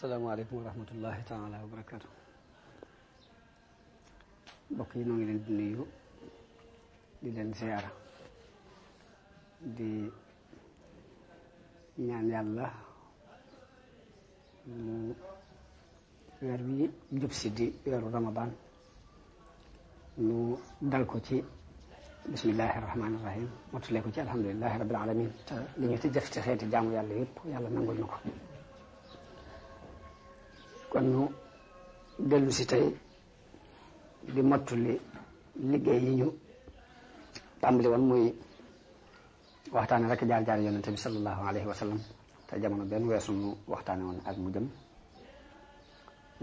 salaamaaleykum wa rahmatullahi taala wa barakaatu mbokk yi noo ngi leen di nuyu di leen ziyaara di ñaan yàlla mu weer wi jub si di weeru ramadan ñu dal ko ci bismillahi rahmaani rahim motulee ko ci alhamdulilahi rabil alamin te li ñu ci jëf ci xeeti jaamu yàlla yëpp yàlla nangul na ko kon ñu dellu si tey di mottuli liggéey yi ñu tàmbali woon muy waxtaane rek jaar-jaar yonente bi sallallahu alayhi wa sallam te jamono benn weesu waxtaan waxtaane woon ak mu jëm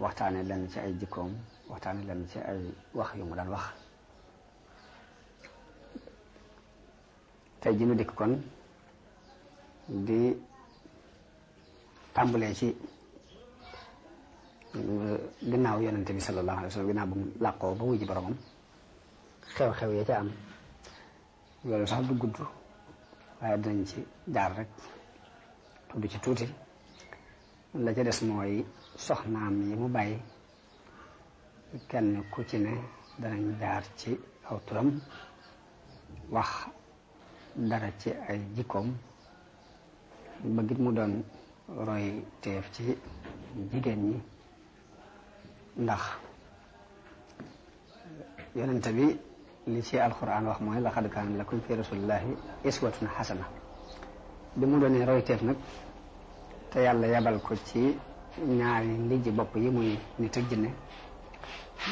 waxtaane lenn ci ay jikkoom waxtaane lenn ci ay wax yu mu daan wax tey ji ñu kon di tàmbalee ci gannaaw yonent bi sallallahu alayhi wa sallam gannaaw bu mu làqoo ba wuy ji boromam xew-xew ya ca am loolu sax du gudd waaye dinañ ci jaar rek ci tuuti la ca des mooy soxnaam yi mu bàyyi kenn ku danañ jaar ci aw turam wax dara ci ay jikkoom bëggit mu doon roy teef ci jigéen ndax yonente bi li ci alquran wax mooy laqad kaana lakum fi rasulillahi iswatun xasana bi mu doonee royteef nag te yàlla yabal ko ci ñaari ndijji bopp yi muy nit ak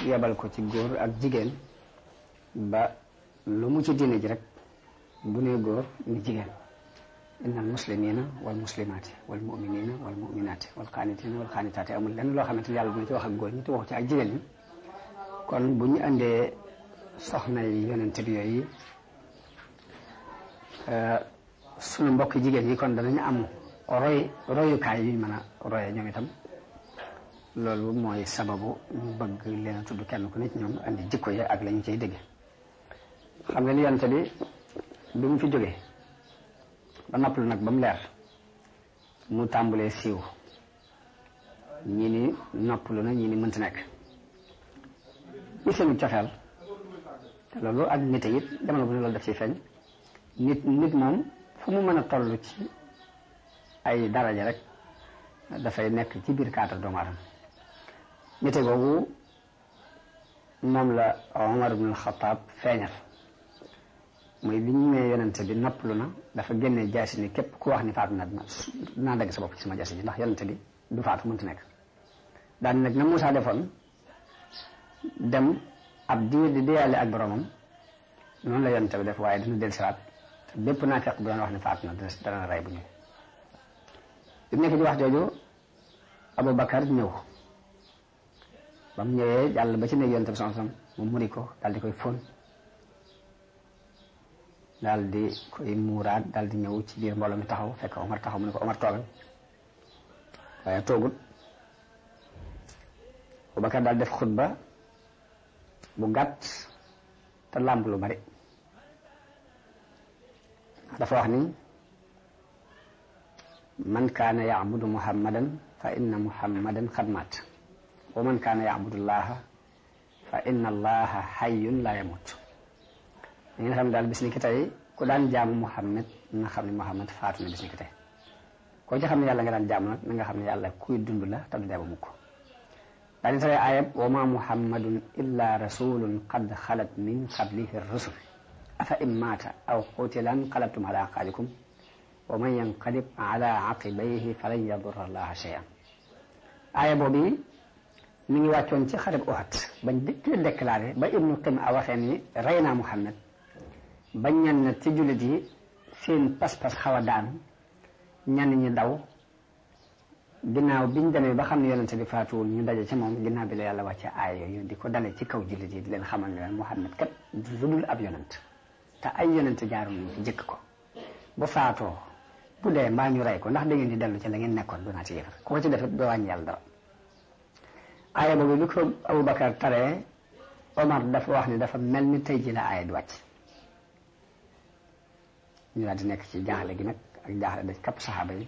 yabal ko ci góor ak jigéen ba lu mu ci diine ji rek bu nee góor ni jigéen inna al muslimina wal muslimaati wal muminina wal muminaati wal xaanitina wal xaanitaati amul lenn loo xamante ni yàlla dina ci wax a góor ñi te ci ak jigéen kon bu ñu andee soxna yi yonente bi yooyu euh, suñu mbokk jigéen yi kon danañu am roy royukaay yuñ mën a roye ñoom itam loolu mooy sababu ñu bëgg leen a tudd kenn ku nit ñoom andi jikko yi ak la ciy cay xam nga ni yonente bi bi mu fi jógee ba noppalu nag ba mu leer mu tàmbulee siiw ñi ni noppalu na ñi ni mënta nekk ñi seenu cofeel loolu ak nite it jamono bu ne loolu def ci feeñ nit nit moom fu mu mën a tollu ci ay daraja rek dafay nekk ci biir cadre doomu aadama nite moom la Omar ibn Xataab feeñal mooy bi ñu ñëwee yonente bi noppalu na dafa génnee jaasi ni képp ku wax ni faatu na dinaa dagg sa bopp ci sama jaasi ji ndax yonente bi du faatu mënut nekk daan nag na Moussa defoon dem ab diir di deyaale ak boromam noonu la yonente bi def waaye dina del siwaat bépp naa fekk bu wax ni faatu na dana rey bu ñu bi nekk di wax jooju Aboubacar ñëw ba mu ñëwee jàll ba ci ne yonente bi son son mu muri ko daal di koy fóon daal di koy muuraat daal di ñëw ci biir mbooloo mi taxaw fekk Omar taxaw mu ne ko Omar toogal waaye toogut Abubakar daal def xutba bu gàtt te làmb lu bari dafa wax ni man kaana yacbudu muhammadan fa inna muhammadan qad maat wa man kaana yacbudu llaha fa inna allaha xayyun la yamut li nga xam ne daal bis ni ki tey ku daan jaamu Muhammad na xam ne Muhammad faatu na bis ni ki tey koo ci xam ne yàlla nga daan jaamu nag na nga xam ne yàlla kuy dund la te du dee ba mukk daal di tere ayab wa ma muhammadun illa rasulun qad xalat min qablihi rusul afa in maata aw qutilan qalabtum ala aqaalikum wa man yanqalib ala aqibayhi falan yadurra allaha shay'an aaya boobu mi ngi wàccoon ci xareb Uhud bañ di déclaré ba ibnu Qim a waxee ni rey naa Muhammad ba ñenn ci jullit yi seen pas-pas xaw a daanu ñenn ñi daw ginnaaw bi ñu demee ba xam ne yonente bi faatuwul ñu daje ci moom ginnaaw bi la yàlla wàcce aay di ko dale ci kaw jullit yi di leen xamal ne leen ab yonent te ay yonent jaarul ñu fi jëkk ko bu faatoo bu dee mbaa ñu rey ko ndax da ngeen di dellu ci la ngeen nekkoon doonaa ci yéefar ku ko ci def doo wàññi yàlla dara aaya boobu bi ko Aboubacar taree Omar dafa wax ni dafa mel ni tey ji la aaya di wàcc ñu daal nekk ci jaaxle gi nag ak jaaxle daj kapp saxaaba yi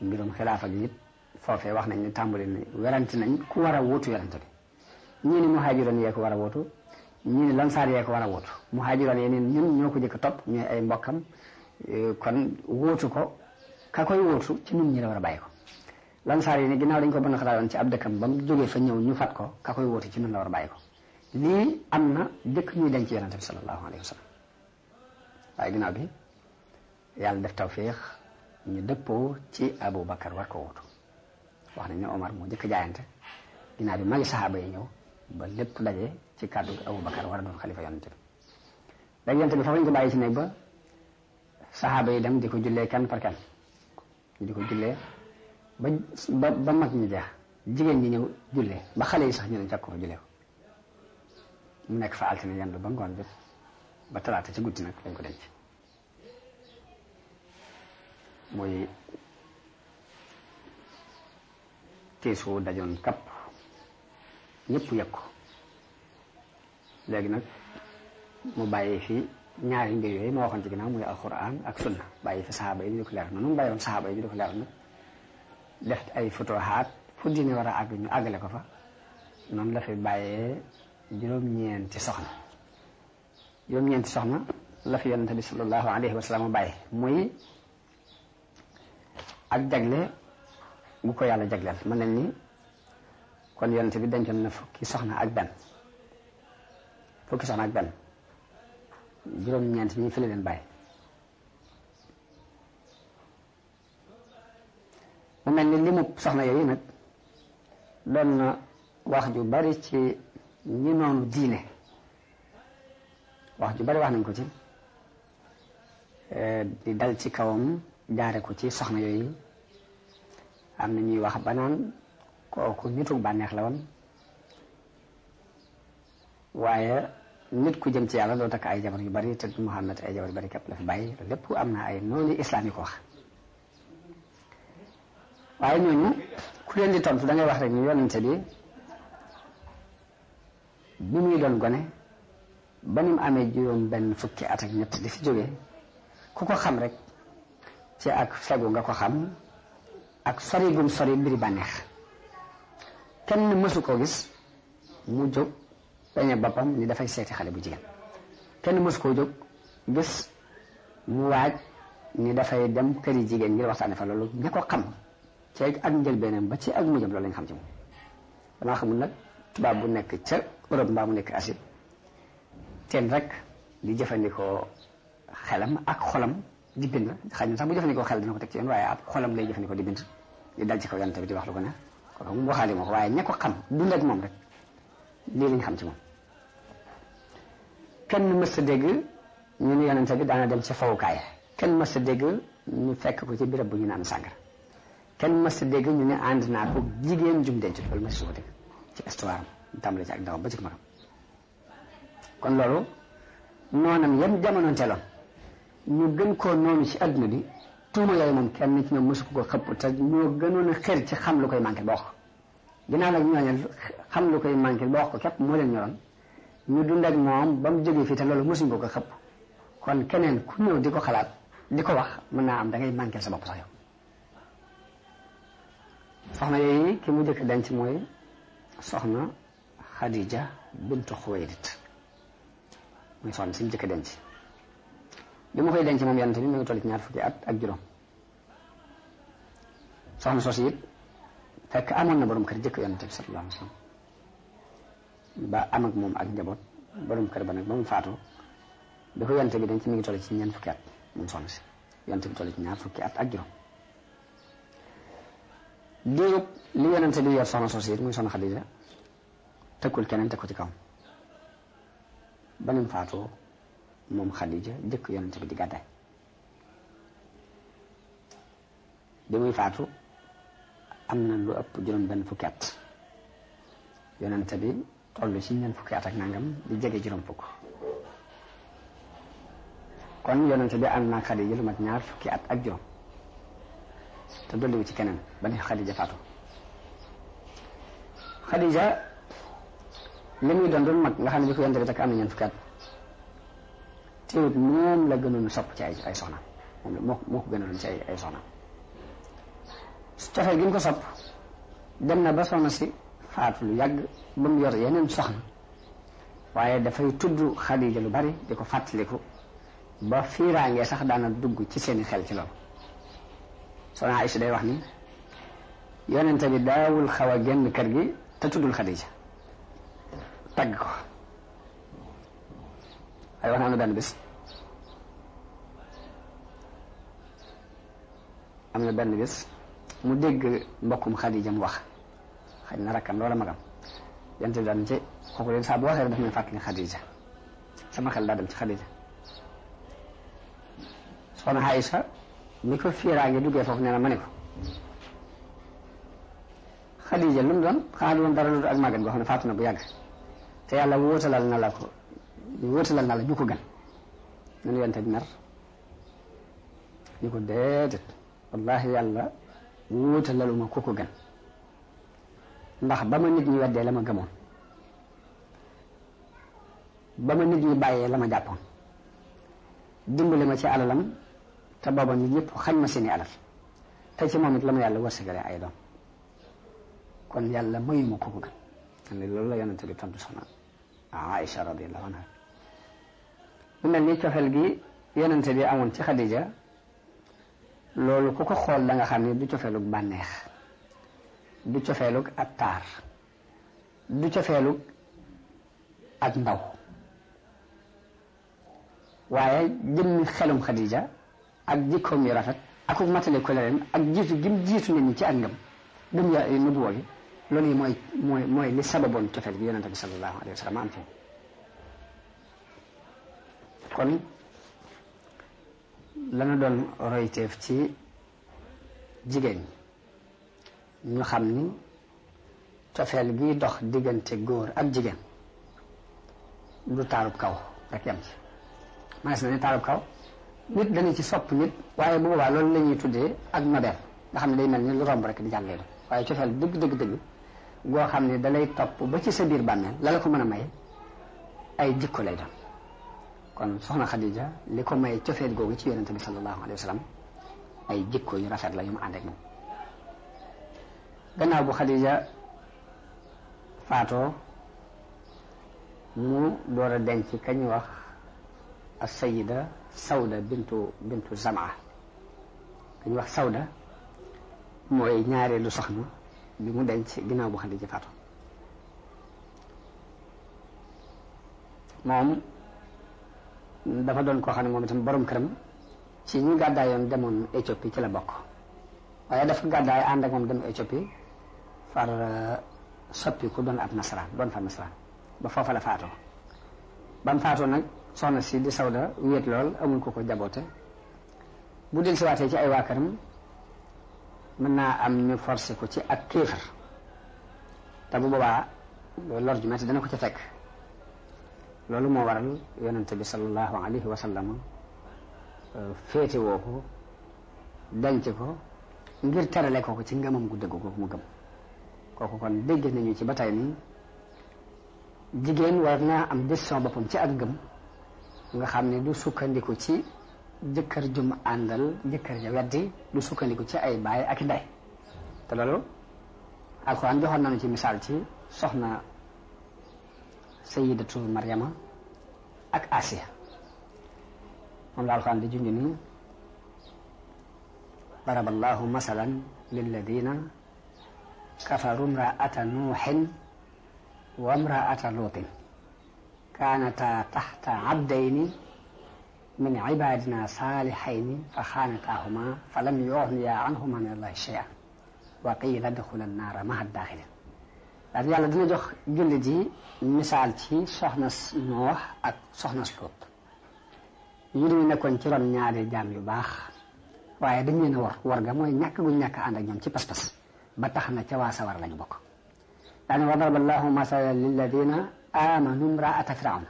mbirum xilaafa gi it foofee wax nañ ne tàmbali ne werante nañ ku war a wóotu werante bi ñii ni muhaajiroon yee ko war a wóotu ñii ni lansaar yee ko war a wóotu muhaajiroon yee neen ñun ñoo ko jëkk topp ñu ay mbokkam eh, kon wóotu ko ka koy wóotu ci ñun ñi la war a bàyyi ko lansaar ko mën a xalaatoon ci ab dëkkam ba mu jógee ñëw ñu fat ka koy ci ñun la a bàyyi ko lii am na jëkk ñuy denc yonente bi sallallahu alayhi wa waaye ginnaaw bi yàlla def tawfiix ñu dëppoo ci Abu Bakar war ko wutu wax nañ ne Omar moo jëkk jaayante ginnaaw bi magi saxaaba yi ñëw ba lépp daje ci kàddu Abu Bakar war a doon xalifa yonente bi dajante bi foofu lañ ko bàyyi ci néeg ba saxaaba yi dem di ko jullee kan par kan di ko jullee ba ba mag ñi jeex jigéen ñi ñëw jullee ba xale yi sax ñu ne jàkk ko jullee mu nekk fa altine yendu ba ngoon jot ba talaata ci guddi nag lañ ko denc muy tiisu dajoon kapp ñëpp yëg ko léegi nag mu bàyyi fi ñaari mbir yooyu ma waxoon ci ginnaaw muy alquran ak sunna bàyyi fi saxaaba yi ñu ko leer ñu ko leer nag def ay fotohaat fu diine war a àgg ñu àggale ko fa noonu la fi bàyyee juróom-ñeenti soxna juróom-ñeenti soxna la fi yonente bi sallallahu alayhi wa sallam muy ak jagle gu ko yàlla jagleel mën nañ ni kon yonente bi dencoon na fukki soxna ak benn fukki soxna ak benn juróom-ñeent ñi fi la leen bàyyi mu mel ni li mu soxna yooyu nag na wax ju bari ci ñi noonu diine wax ju bari wax nañ ko ci eh, di dal ci kawam jaare ko ci soxna yooyu am na ñuy wax ba naan kooku nitug bànneex la woon waaye nit ku jëm ci yàlla doo takk ay jabar yu bari te Muhammad ay jabar yu bari képp la fi bàyyi lépp am na ay noonu islam ko wax waaye ñooñu ku leen di tontu da ngay wax rek ni yonente bi bi muy doon gone ba ni mu amee juróom benn fukki at ak ñett di fi jóge ku ko xam rek ci ak fegu nga ko xam ak sori gum sori mbiri bànneex kenn mësu koo gis mu jóg dañe boppam ni dafay seeti xale bu jigéen kenn mësu koo jóg gis mu waaj ni dafay dem këri jigéen ngir waxtaane fa loolu ña ko xam ci ak njëlbeenam ba ci ak mujjam loolu lañ xam ci moom damaa xamul nag tubaab bu nekk ca Europe mbaa mu nekk Asie teen rek di jëfandikoo xelam ak xolam di bind xëy na sax bu jëfandikoo xel dina ko teg ci yoon waaye ak xolam lay jëfandikoo di bind di dal ci kaw yonent bi di wax lu ko ne kooku moom waxaale moo ko waaye ña ko xam dund ak moom rek lii lañ xam ci moom kenn mës a dégg ñu ne yonent bi daana dem ci fawukaay kenn mës a dégg ñu fekk ko ci birab bu ñu naan sàngara kenn mës a dégg ñu ne ànd naa ko jigéen jum denc loolu mës su ko dégg ci histoire am tàmbali kon loolu noonam yan jamono te la ñu gën koo noonu ci adduna bi tuuma yooyu moom kenn ci ñoom mosu ko xëpp ta ñoo gënoon a xër ci xam lu koy manqué ba wax ko ginnaaw nag xam lu koy manqué ba wax moo leen ñoroon ñu dund ak moom ba mu jógee fii te loolu mosuñ ko ko kon keneen ku ñëw di ko xalaat di ko wax mën naa am da ngay manqué sa bopp sax yow. soxna yooyu ki mu njëkk denc mooy soxna Khadija bintu Xuwaylid muy soxna si mu jëkk a denc bi mu koy denc moom yonent bi mu ngi toll ci ñaar fukki at ak juróom soxna soosu it fekk amoon na borom kër jëkk yonent bi sallallahu alayhi wa ba am ak moom ak njaboot borom kër ba nag ba mu faatoo bi ko yonent bi denc mi ngi toll ci ñeent fukki soxna si yonent bi toll ci ñaar fukki at ak juróom diirub li yonent bi yor soxna soosu it muy soxna Xadija tëkkul keneen teg ko ci kaw ba ne faatoo moom Xadija jëkk yonent bi di gàddaay bi muy faatu am na lu ëpp juróom benn fukki at yonent bi toll ci ñeent fukki at ak nangam di jege juróom fukk kon yonent bi am naa Xadija lu mat ñaar fukki at ak juróom te dolliwu ci keneen ba ne Xadija faatu Xadija li muy doon mag nga xam ne bi ko yonte bi takk am na ñeent fukki at teewut moom la gënoon sopp ci ay ay soxna moo moo ko gënoon ci ay ay soxna cofee gi mu ko sopp dem na ba soxna si lu yàgg ba yor yeneen soxna waaye dafay tudd Xadija lu bari di ko fàttaliku ba fiiraangee sax daana dugg ci seeni xel ci loolu soxna Aïcha day wax ni yonente bi daawul xaw a génn kër gi te tuddul Xadija tagg ko ay wax naa ne benn bis am na benn bis mu dégg mbokkum Xadija mu wax xaj na rakkam loola magam yant bi daan ci kooku leen saa bu waxee daf may fàttali Xadija sama xel daa dem ci Xadija soxna Aïcha ni ko fiiraa ngi duggee foofu nee na ma ne ko Xadija lu mu doon xanaa du woon dara lu ak màggat goo xam ne faatu na bu yàgg te yàlla wóotalal na la ko wóotalal na la ju ko ni ko déedéet wallahi yàlla wóotalaluma ku koko gën ndax ba ma nit ñi weddee la ma gëmoon ba ma nit ñi bàyyee la ma jàppoon dimbali ma ci alalam te booba nit ñëpp xañ ma seeni alal te ci moom it la ma yàlla wërsëgale ay doom kon yàlla mayuma ku ko gën xam ne loolu la yonente bi tontu soxna Aïcha radiallahu anha mu mel ni cofeel gi yonente bi amoon ci Xadija loolu ku ko xool da nga xam ne du cofeelug bànneex du cofeelug ak taar du cofeelug ak ndaw waaye jëmmi xelum Xadija ak jikkoom yu rafet ak matale ko leen ak jiitu gim jiitu nit ñi ci ak ngëm gëm ya nubuwa gi loolu yi mooy mooy mooy li sababoon cofeel gi yonente bi sallallahu alayhi wa sallam am fi kon lana doon royteef ci jigéen ñu xam ni cofeel gi dox diggante góor ak jigéen du taarub kaw rek yam ci manes na ni taarub kaw nit dañu ci sopp nit waaye bu boobaa loolu la ñuy tuddee ak nobel nga xam ne day mel ni lu romb rek di jàllee waaye cofeel dëgg dëgg dëgg goo xam ne dalay topp ba ci sa biir bàmmeel la la ko mën a may ay jikko lay doon kon soxna Khadija li ko may cofeel googu ci yonente bi sallallahu alayhi wa sallam ay jikko yu rafet la yu mu ànd ak moom gannaaw bu faatoo mu door a denc kañ wax as-sayida sawda bintu bintu zamaa kañ wax sawda mooy ñaareelu soxna bi mu denc ginnaaw bu Xadija faatu moom dafa doon koo xam ne moom itam këram ci ñu gàddaayoon demoon Éthiopie ci la bokk waaye dafa gàddaay ànd ak moom dem Éthiopie far euh, soppi ku doon ab nasaraan doon fa nasaraan ba foofa la faatoo ba faatoo nag soxna si di sawda wéet lool amul ko ko jaboote bu dellusiwaatee ci ay waa këram mën naa am ñu forcé ko ci ak kéefar te bu boobaa lor ju metti dana ko ci fekk loolu moo waral yonente bi sallallahu alayhi wa sallam euh, féete woo ko denc ko ngir terale kooku ci ngëmam gu dëgg kooku mu gëm kooku kon dégg nañu ci ba tey ni jigéen war naa am décision boppam ci ak gëm nga xam ne du sukkandiku ci jëkkër jum àndal jëkkër ja weddi du sukkandiku ci ay baay ak ndey te loolu alxuraan joxoon nañu ci misaal ci soxna sayidatu maryama ak asiya moom la alxuraan di junj ni daraba allahu masalan lilladina kafaru mraata nuuxin wa mraata luutin kaanataa taxta abdayni min ibadina salihayni fa xaanataahuma fa lam yuxniya anhuma min allahi shay'an wa qiila daxula naara maha daaxilin daal yàlla dina jox julli ji misaal ci soxna Noox ak soxna Luut ñu dañu nekkoon ci ron ñaari jaam yu baax waaye dañ leen a war war ga mooy ñàkk guñ ñàkk ànd ak ñoom ci pas-pas ba tax na ca waa sawar lañu bokk daane wa daraba allahu masalan lilladina amanu imraata firawna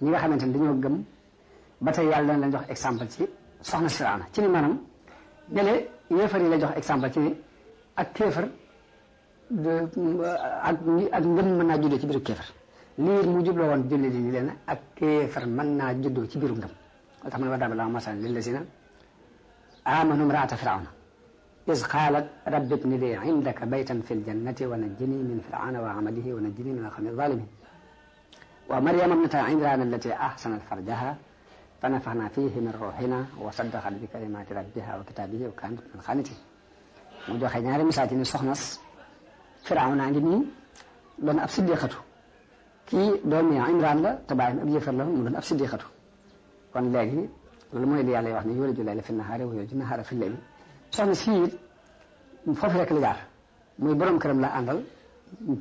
ñi nga xamante ne dañoo gëm ba tey yàlla dana leen jox exemple ci soxna Siraana ci ni maanaam ñële yéefar yi la jox exemple ci ni ak kéefar ak ak ngëm mën naa juddoo ci biiru kéefar lii mu jubloo woon julli di leen ak kéefar mën naa juddoo ci biiru ngëm moo tax man wa daba laa masalan lillazina amanu imra'ata firawna iz qaalat rabbi ibni li indaka baytan fi ljannati wa najjini min firaana wa amalihi wa najjini min alqawmi zalimin wa maryama ibnata imraan allati ahsanat farjaha فنفعنا فيه من روحنا وصدقت بكلمات ربها وكتابه وكانت من القانتين mu joxe ñaari misaal ci ni soxnas Firawna ngi nii doon ab siddiqatu kii doomi Imraan la te baayam ab yëfar la mu doon ab siddiqatu kon léegi loolu mooy li yàlla wax ne yuliju layla fi nahaari wa yuliju nahaara fi layli soxna si it foofu rek la jaar muy borom këram la àndal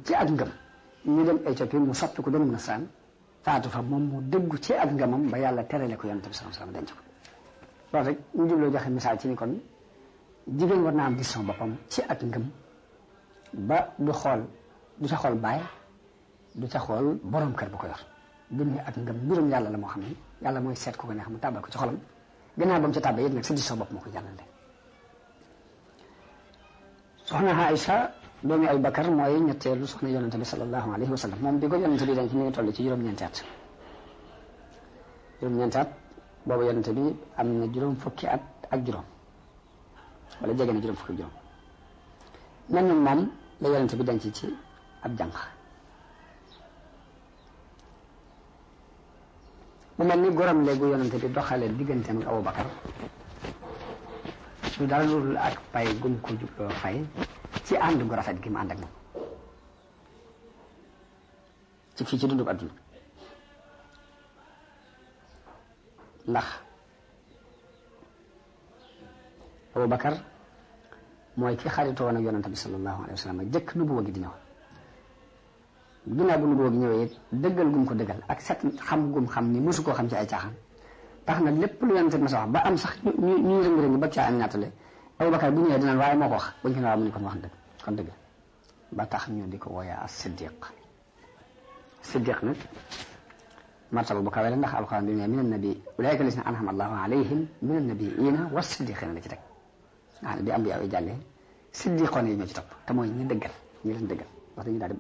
ci ak ngëm ñu dem Éthiopie mu soppi ko doon nasaan faatu fa moom mu dëggu ci ak ngamam ba yàlla terale ko yonent bi sallallahu alayhi wasallam denc ko loolu rek ñu jubloo joxe misaal ci ni kon jigéen war boppam ci ak ngëm ba du xool du ca xool baay du ca xool borom kër bu ko yor dund ak ngëm mbirum yàlla la moo xam ne yàlla mooy seet ku ko neex mu tàbbal ko ci xolam gannaaw ba mu ca tàbbee yëpp nag sa décision bopp moo ko jàllale soxna Aïcha doomu Abu Bakar mooy ñetteelu soxna yonente bi sallallahu alayhi wa sallam moom bi ko yonente bi denc mi ngi toll ci juróom-ñeenti at juróom-ñeenti at boobu yonente bi am na juróom fukki ak juróom wala jege na juróom fukki juróom mel na moom la yonente bi denc ci ab jànq mu mel ni gorom léegu yonente bi doxalee digganteem ak Abu Bakar du dara ak pay gum ko jubloo fay ci ànd gu rafet gi mu ànd ak moom ci fii ci dundub adduna ndax Abubakar mooy ki xaritoo woon ak yonante bi sallallahu alayhi wa jëkk nubuwa gi di ñëw ginnaaw bu nubuwa gi ñëwee dëggal gum ko dëggal ak set xam gum xam ni mosu koo xam ci ay caaxaan tax na lépp lu yonante bi sa wax ba am sax ñu ñu rëng-rëng ba caa am ñaatale Abubakar bu ñëwee dinaan waaye moo ko wax buñ ko ne waaw mu ne kon wax dëgg wax dëgg ba tax ñu di ko wooyee as siddiq siddiq nag martaba bu kawe la ndax alxuraan bi ne min annabi ulaika lisina anhama allahu alayhim min annabiina wa siddiqina la ci teg nga xam ne bi am bi aw jàllee siddiqoon yi ñoo ci topp te mooy ñi dëggal ñi leen dëggal wax dañu daal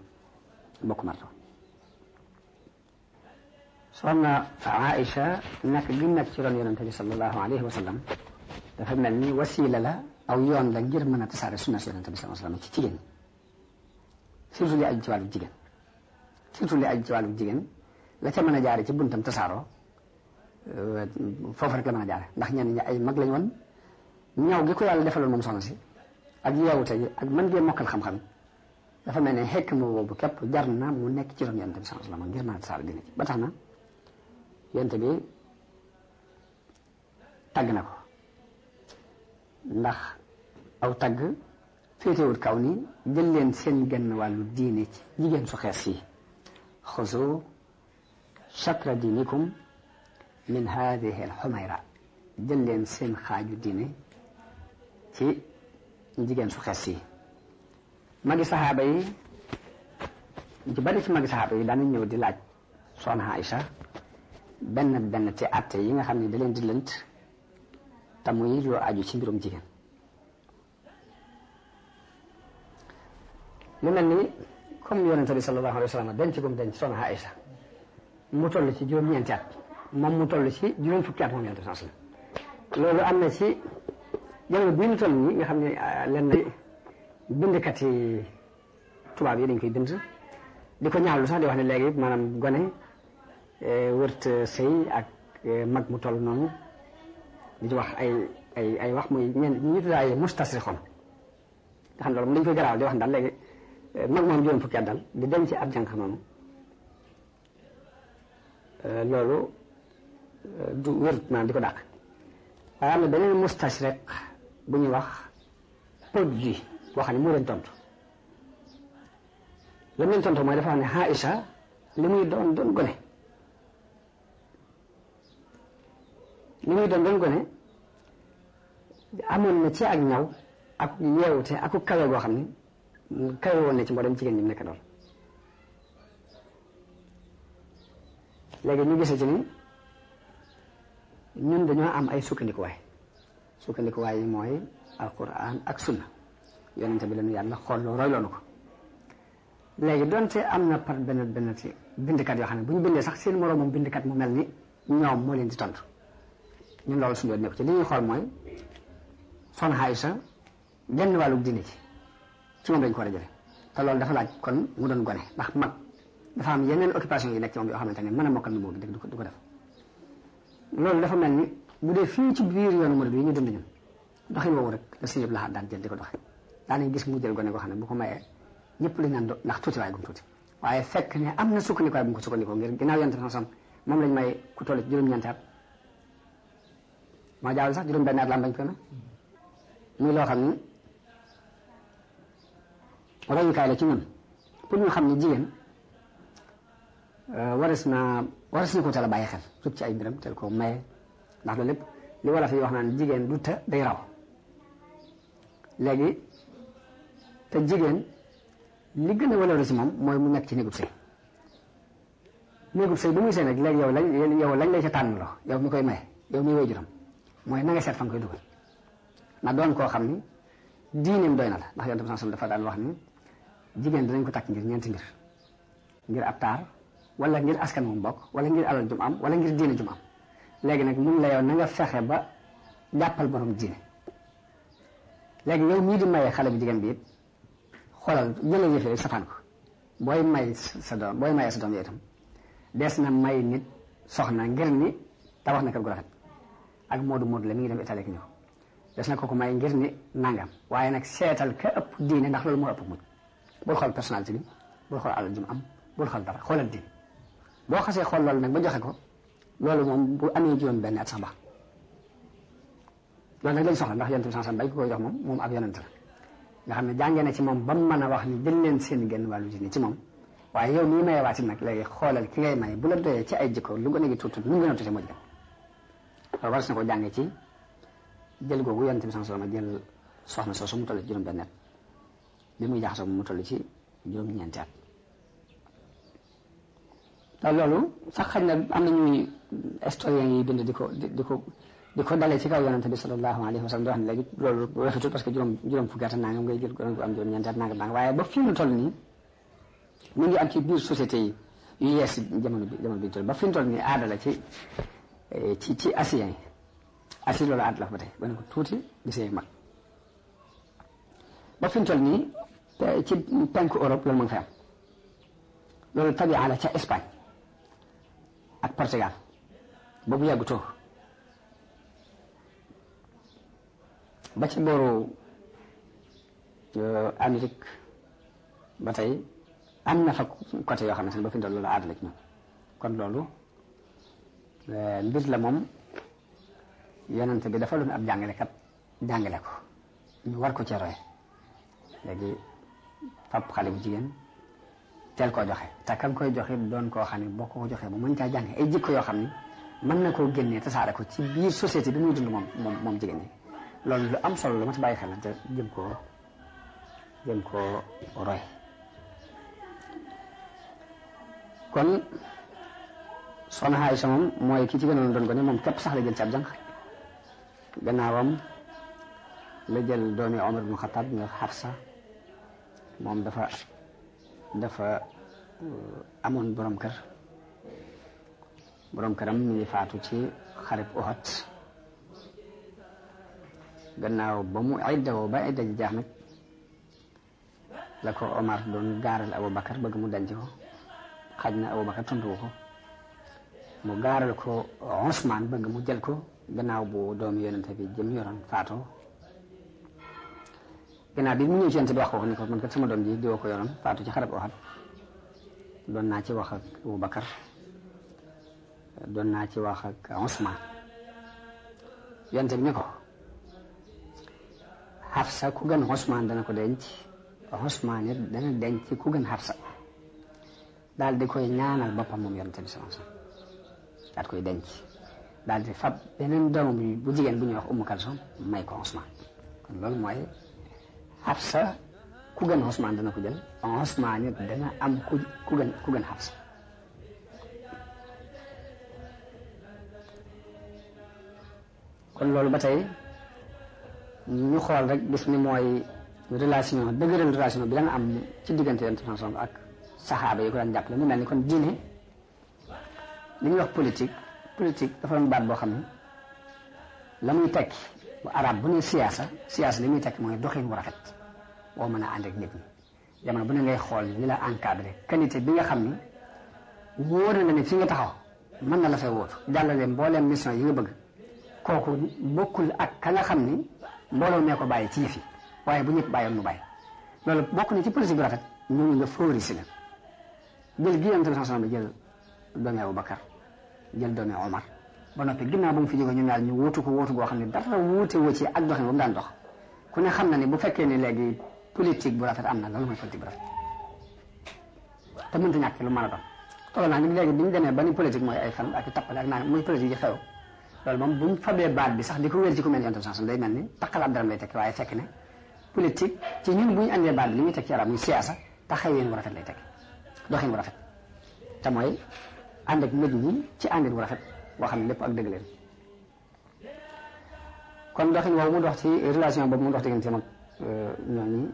di bokk martaba soxna Aïcha nag gi nag ci ron yonente bi sallallahu alayhi wa sallam dafa mel ni wasila la aw yoon la ngir man a tasaare sunna si yonente bi sallallahu alayhi wasallam ci jigéen surtout li aju ci wàllu jigéen jigéen la ca mën a jaare ci buntam tasaaroo foofu rek la mën a jaare ndax ñenn ñi ay mag lañ woon ñaw gi ko yàlla defaloon moom soxna si ak yeewute gi ak mën ngeen mokkal xam-xam dafa mel ne xekk mu boobu képp jar na mu nekk ci ron yonente bi sallallahu alayhi wasallam ngir mën a tasaare dina ci ba tax na yonente bi tàgg na ko ndax aw tagg féetewul kaw ni jël leen seen genn wàllu diine ci jigéen su xees yi xuzu chatra diinikum min hadihi al xumayra jël leen seen xaaju dini ci jigéen su xees yi magi saxaaba yi ñu ci bari ci magi saxaaba yi daanañ ñëw di laaj soxna Aïcha benn benn ci atte yi nga xam ne da leen te muy lu aju ci mbirum jigéen mu mel ni comme yonente bi sallallahu alayhi wa sallam denc gum denc soxna Aïcha mu toll ci juróom-ñeenti at mu toll ci juróom fukki at moom yonente bi sallam loolu am na ci jamono bii ñu toll nii nga xam ne ah, lenn bindkat yi tubaab yi dañ koy bind di ko lu sax di wax ne léegi maanaam gone eh, wërt sëy ak eh, mag mu toll noonu di wax ay ay wax muy ñenn ñi tudd ay mustasrixoon nga xam loolu di wax daal léegi eh, mag moom juróom di dem ci ab jànq noonu eh, loolu eh, du wér di ko dàq. waaye am na beneen mustasriq bu ñuy wax poddi boo xam ne moo leen tontu li mu leen mooy dafa wax ne Aïcha li muy doon doon gone. li muy doon doon gone amoon na ci ak ñaw ak yeewute ak kawe goo xam ne kawe woon na ci mboolem jigéen ñi mu nekk doon léegi ñu gisee ci ni ñun dañoo am ay sukkandikuwaay sukkandikuwaay yi mooy alquran ak sunna yonente bi lañu yàlla xooloo roy loonu ko léegi donte am na par benn benn bindkat yoo xam ne bu ñu bindee sax seen moroomam bindkat mu mel ni ñoom moo leen di tontu. ñun loolu suñu yoon nekk ci li ñuy xool mooy son xaay sa genn wàllug diine ci ci moom dañu ko war a jële te loolu dafa laaj kon mu doon gone ndax mag dafa am yeneen occupation yi nekk ci moom yoo xamante ne mën a mokkal mi moo bi dëgg du ko def loolu dafa mel ni dee fii ci biir yoonu murid yi ñu dund ñun doxin woowu rek la sëñ Abdou Lahad daan jël di ko doxee daanañ gis mu jël gone goo xam ne bu ko mayee ñëpp lañ naan ndax tuuti waaye gum tuuti waaye fekk ne am na sukkandikuwaay bu mu ko sukkandikoo ngir ginnaaw yonte sam moom lañ may ku toll ci juróom-ñeenti moo jaawul sax juróom benn at la am bañ koy may muy loo xam ni royukaay la ci ñun pour xam ne jigéen euh, waris na waris ko teel a bàyyi xel rëp ci ay mbiram teel ko maye ndax loolu lépp li wolof yi wax naan jigéen du të day raw léegi te jigéen li gën a waloore ci moom mooy mu nekk ci néegub sëy néegub sëy bu muy sëy nag léegi yow lañ yow lañ lay ca tànn loo yow mi koy maye yow mi way juram mooy na nga seet fa nga koy dugal na doon koo xam ni diineem doy na la ndax yonent bi sallallahu dafa daan wax ni jigéen dinañ ko takk ngir ñeenti mbir ngir ab taar wala askan moom bokk wala ngir alal am wala ngir diine jum am léegi nag mun la yow na nga ba jàppal borom diine léegi yow mii di xale bu jigéen bi it xoolal jëlal yëf yooyu ko booy may sa doom booy maye sa des na may nit soxna ngir ni tabax na kër gu rafet ak moo Modou la mi ngi dem Italie ak ñoom des na ko may ngir ni nangam waaye nag seetal ka ëpp diine ndax loolu moo ëpp mujj bul xool bi bul xool alal ji am bul xool dara xoolal diine boo xasee xool loolu nag ba joxe ko loolu moom bu amee juróom benn at sax baax loolu nag lañ soxla ndax ko jox moom moom ab yonent la nga xam ne jàngee ci moom ba mu a wax ni jël leen seen genn wàllu diine ci moom waaye yow mii mayewaati nag léegi xoolal ki ngay may bu la doyee ci ay jikko lu gën a ngi tuuti lu mu gën a war na ko jàngee ci jël googu yonent bi sallallahu alayhi wasallam jël soxna soosu mu toll juróom-benn at bi muy jaxasoo mu toll ci juróom-ñeenti at. te loolu sax xëy na am na ñuy historien yi bind di ko di ko di ko dalee ci kaw yonent bi sallallahu alayhi wasallam di wax ne léegi loolu waxatul parce juróom juróom fukki at nangam ngay jël juróom am juróom-ñeenti at nangam waaye ba fi mu toll nii mu ngi am ci biir société yi yu yees jamono bi jamono bi ñu ba fi mu toll nii aada la ci. Eh, ci ci asien yi asi loolu ànd fa ba tey ba ko tuuti gisee mag ba fi mu toll ci penku Europe loolu mu ngi fa am loolu la ca Espagne ak Portugal boobu yàggutoo ba ci booru euh, Amérique ba tey am na fa yoo xam si sax ba fi loolu ànd ci ñoom kon loolu Eh, mbir la moom yonent bi dafa loon ab jàngalekat jàngale ko ñu war ko ci roy léegi fab xale mu jigéen teel koo joxe te kan koy joxe doon koo xam ne boo ko joxee bu mën caa jànge ay jikko yoo xam ne mën na koo génnee tasaare ko ci biir société bi muy dund moom moom moom jigéen ñi loolu lu am solo lu ma ci bàyyi xel te jëm koo jëm koo roy kon soxna Aysa moom mooy kii ci gënoon doon ko ne moom képp sax la jël ci ab jànq gannaawam la jël doomi Omar ibn Xattaab ñu Xafsa moom dafa dafa euh, amoon borom kër borom këram mi ngi faatu ci xarib Uhud gannaaw ba mu iddawoo ba idda ji jaax nag la ko Omar doon gaaral Aboubacar bëgg mu denc ko xaj na Aboubacar tontu ko mu gaaral ko Usmaan bëgg mu jël ko gannaaw bu doomu yonente bi jëm yoroon faatoo gannaaw bi mu ñëw ci yonente bi wax ko ni ko man kat sama doom ji diwa ko yoroon faatu ci xarab Uhud doon naa ci wax ak Abubakar doon naa ci wax ak Usmaan yonente bi ni ko Hafsa ku gën Usmaan dana ko denc Usmaan it dana ci ku gën Hafsa daal di koy ñaanal boppam moom yonente bi sallallahu alayhi daal koy denc daal di fab beneen doom bu jigéen bu ñuy wax Ummu Kalsum may ko Ousmane kon loolu mooy Hafsa ku gën Ousmane dana ko jël Ousmane it dana am ku ku gën ku kon loolu ba tey ñu xool rek gis ni mooy relation dëgëral relation bi dana am ci diggante Yonent bi ak saxaaba yi ko daan jàppale mu mel ni kon diine li ñuy wax politique politique dafa doon baat boo xam ne la muy tekki bu arab bu ne siyaasa siyaasa li muy tekki mooy doxin wu rafet boo mën a ànd ak nit bu ne ngay xool li la encadré qualité bi nga xam ni wóor na la ne fi nga taxaw mën na la fay wóotu jàllale mbooleem mission yi nga bëgg kooku bokkul ak ka nga xam ni mbooloo mee ko bàyyi ci yëf waaye bu ñëpp bàyyoon mu bàyyi loolu bokk na ci politique bu rafet ñooñu nga favoriser la jël gi am tamit jël doomi Abubakar jël doomi Omar ba noppi ginnaaw ba mu fi jógee ñu ñaar ñu ko wóotu goo xam ne dara wuute daan dox ku xam na ne bu fekkee ne léegi politique bu rafet am na loolu mooy politique bu rafet te mënta ñàkk lu mën a doon toll naa ni ñu demee ba ni politique mooy ay fan ak i tappale ak naa muy politique yi baat bi sax di ko wér ci ku mel ni yonent bi day mel ni takkalaat dara lay tekki waaye fekk ne politique ci ñun bu ñu andee baat bi li muy tekki ci arab muy siyaasa te xëy yéen bu rafet lay tekki doxin bu rafet te ànd ak nit ñi ci àndin wu rafet boo xam ne lépp ak dëgg leen kon doxin woowu mu dox ci relation boobu mu dox diggante mag euh, ñooñu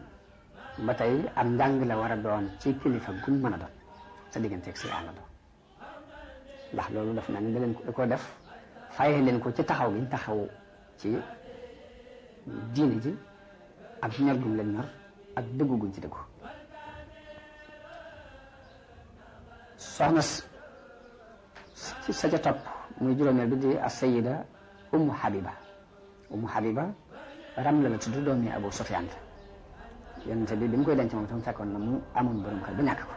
ba tey ak njàng la war a doon ci kilifa gum mën a doon sa digganteeg si ndax loolu def mel ni da leen ko def fayee leen ko ci taxaw giñ taxaw ci diine ji ak ñor gum leen ñor ak dëggu guñ ci dëggu soxna si sa ca topp muy juróomeel bi di asayida ummu habiba ummu habiba ramla la tudd doomi abu sufyaan la yonente bi bi mu koy denc moom tam fekkoon na mu amoon borom kër ba ñàkk ko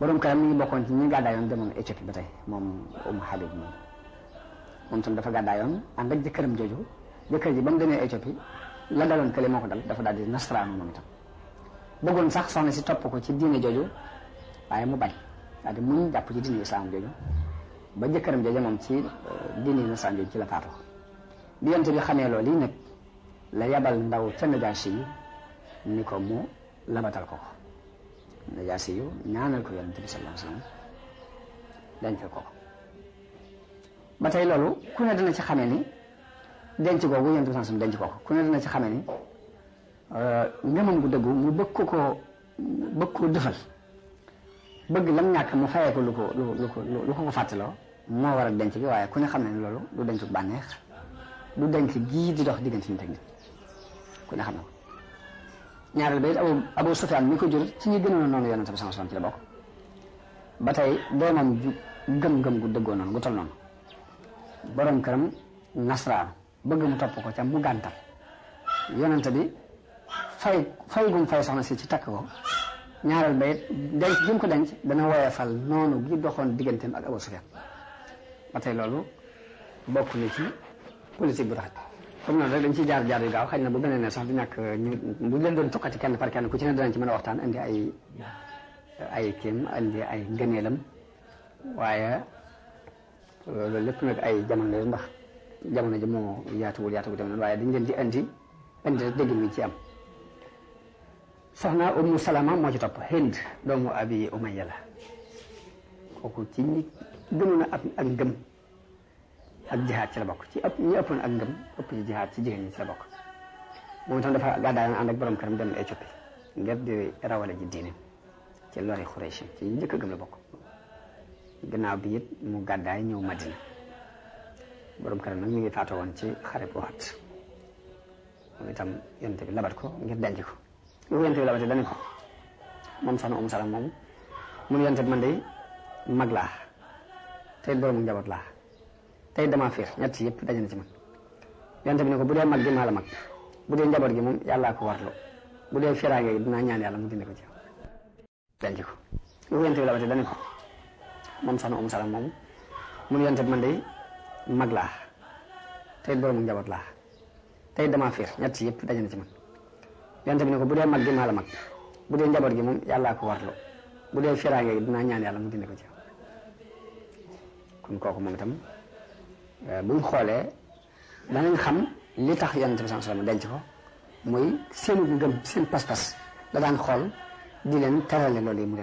borom këram mi ngi bokkoon ci ñi gàddaayoon ba tey moom ummu habib moom moom tam dafa gàddaayoon ànd ak jëkkëram jooju ba mu demee Éthiopie la daloon kële moo ko dal dafa daal di nasaraanu moom itam bëggoon sax soxna si topp ko ci diine jooju waaye mu daal di muñ jàpp ci diine islam jooju ba jëkkëram jooju moom ci euh, diine islam jooju ci la faatu bi yonent bi xamee loolu yi nag la yabal ndaw ca Najaasi yi ni ko mu labatal ko ko Najaasi yu ñaanal ko yonent bi ko ko loolu ku ne dana ci xamee ni denc googu yonent bi sallallahu alayhi wasallam denc ko ko ku ne dana ci xamee ni euh, ngëmam gu dëggu mu bëgg ko koo bëgg lam ñàkk mu fayee ko lu ko lu ko lu ko ko fàttaloo moo waral denc gi waaye ku ne xam ne ni loolu du dencu bànneex du denc gii di dox diggante nit ak ku ne xam ne ko ñaareel ba it abu ko jur ci ñi gënoon noonu yonente ba tey doomam ju gu dëggoo noonu gu tol noonu borom këram nasraan bëgg mu topp ko ca mu gàntal bi fay fay gum fay si ci takk ko ñaareel ba it denc gi mu ko denc dana woyefal noonu gi doxoon digganteem ak Abu Sufyaan ba tey loolu bokk na ci politique bi rafet comme noonu rek dañ ciy jaar jaar yu gaaw xëy na bu beneen ne sax du ñàkk ñu bu leen doon tukkati kenn par kenn ku ci ne danañ ci mën a waxtaan indi ay ay kéem indi ay ngëneelam waaye loolu lépp nag ay jamono yu ndax jamono ji moo yaatuwul yaatuwul dem noonu waaye dañ leen di indi indi dégg mi ci am soxna ummu salama moo ci topp hind doomu abi umayya la kooku ci ñi gënoon a ak ngëm ci la bokk ci ëpp ñi ëppoon ak ngëm ëpp ci jigéen ñi ci la bokk moo itam dafa gàddaay na ànd ak borom këram dem Éthiopie ngir rawale ji diine ci lori Xuraysh ci njëkk a gëm la bokk gannaaw bi it mu gàddaay ñëw Madina borom këram nag mi ngi faatoo woon ci xare bu Uhud moom itam yonent bi labat ko ngir denc ko yonent bi labate dane ko moom soxna moom mun yonent bi mag laa tey boroomu njaboot laa tey damaa fiir ñett yëpp daje na ci man bi ko bu dee mag la mag bu dee njaboot gi moom yàllaa ko bu dee firaange gi dinaa ñaan yàlla mu dindi ko ci denc ko yonent bi moom soxna Umu Salama moom mun yonent bi man de mag laa tey boroomu njaboot laa tey damaa fiir ñett yëpp daje na ci man yonent bi ne ko bu dee mag gi maa la mag bu dee njaboot gi moom yàllaa ko warlu bu dee firaange gi dinaa ñaan yàlla mu dindi ko ci kon kooku moom itam euh, buñ tax yonent bi sallallahu muy seenu ngëm seen daan xool di leen terale loolu yi mu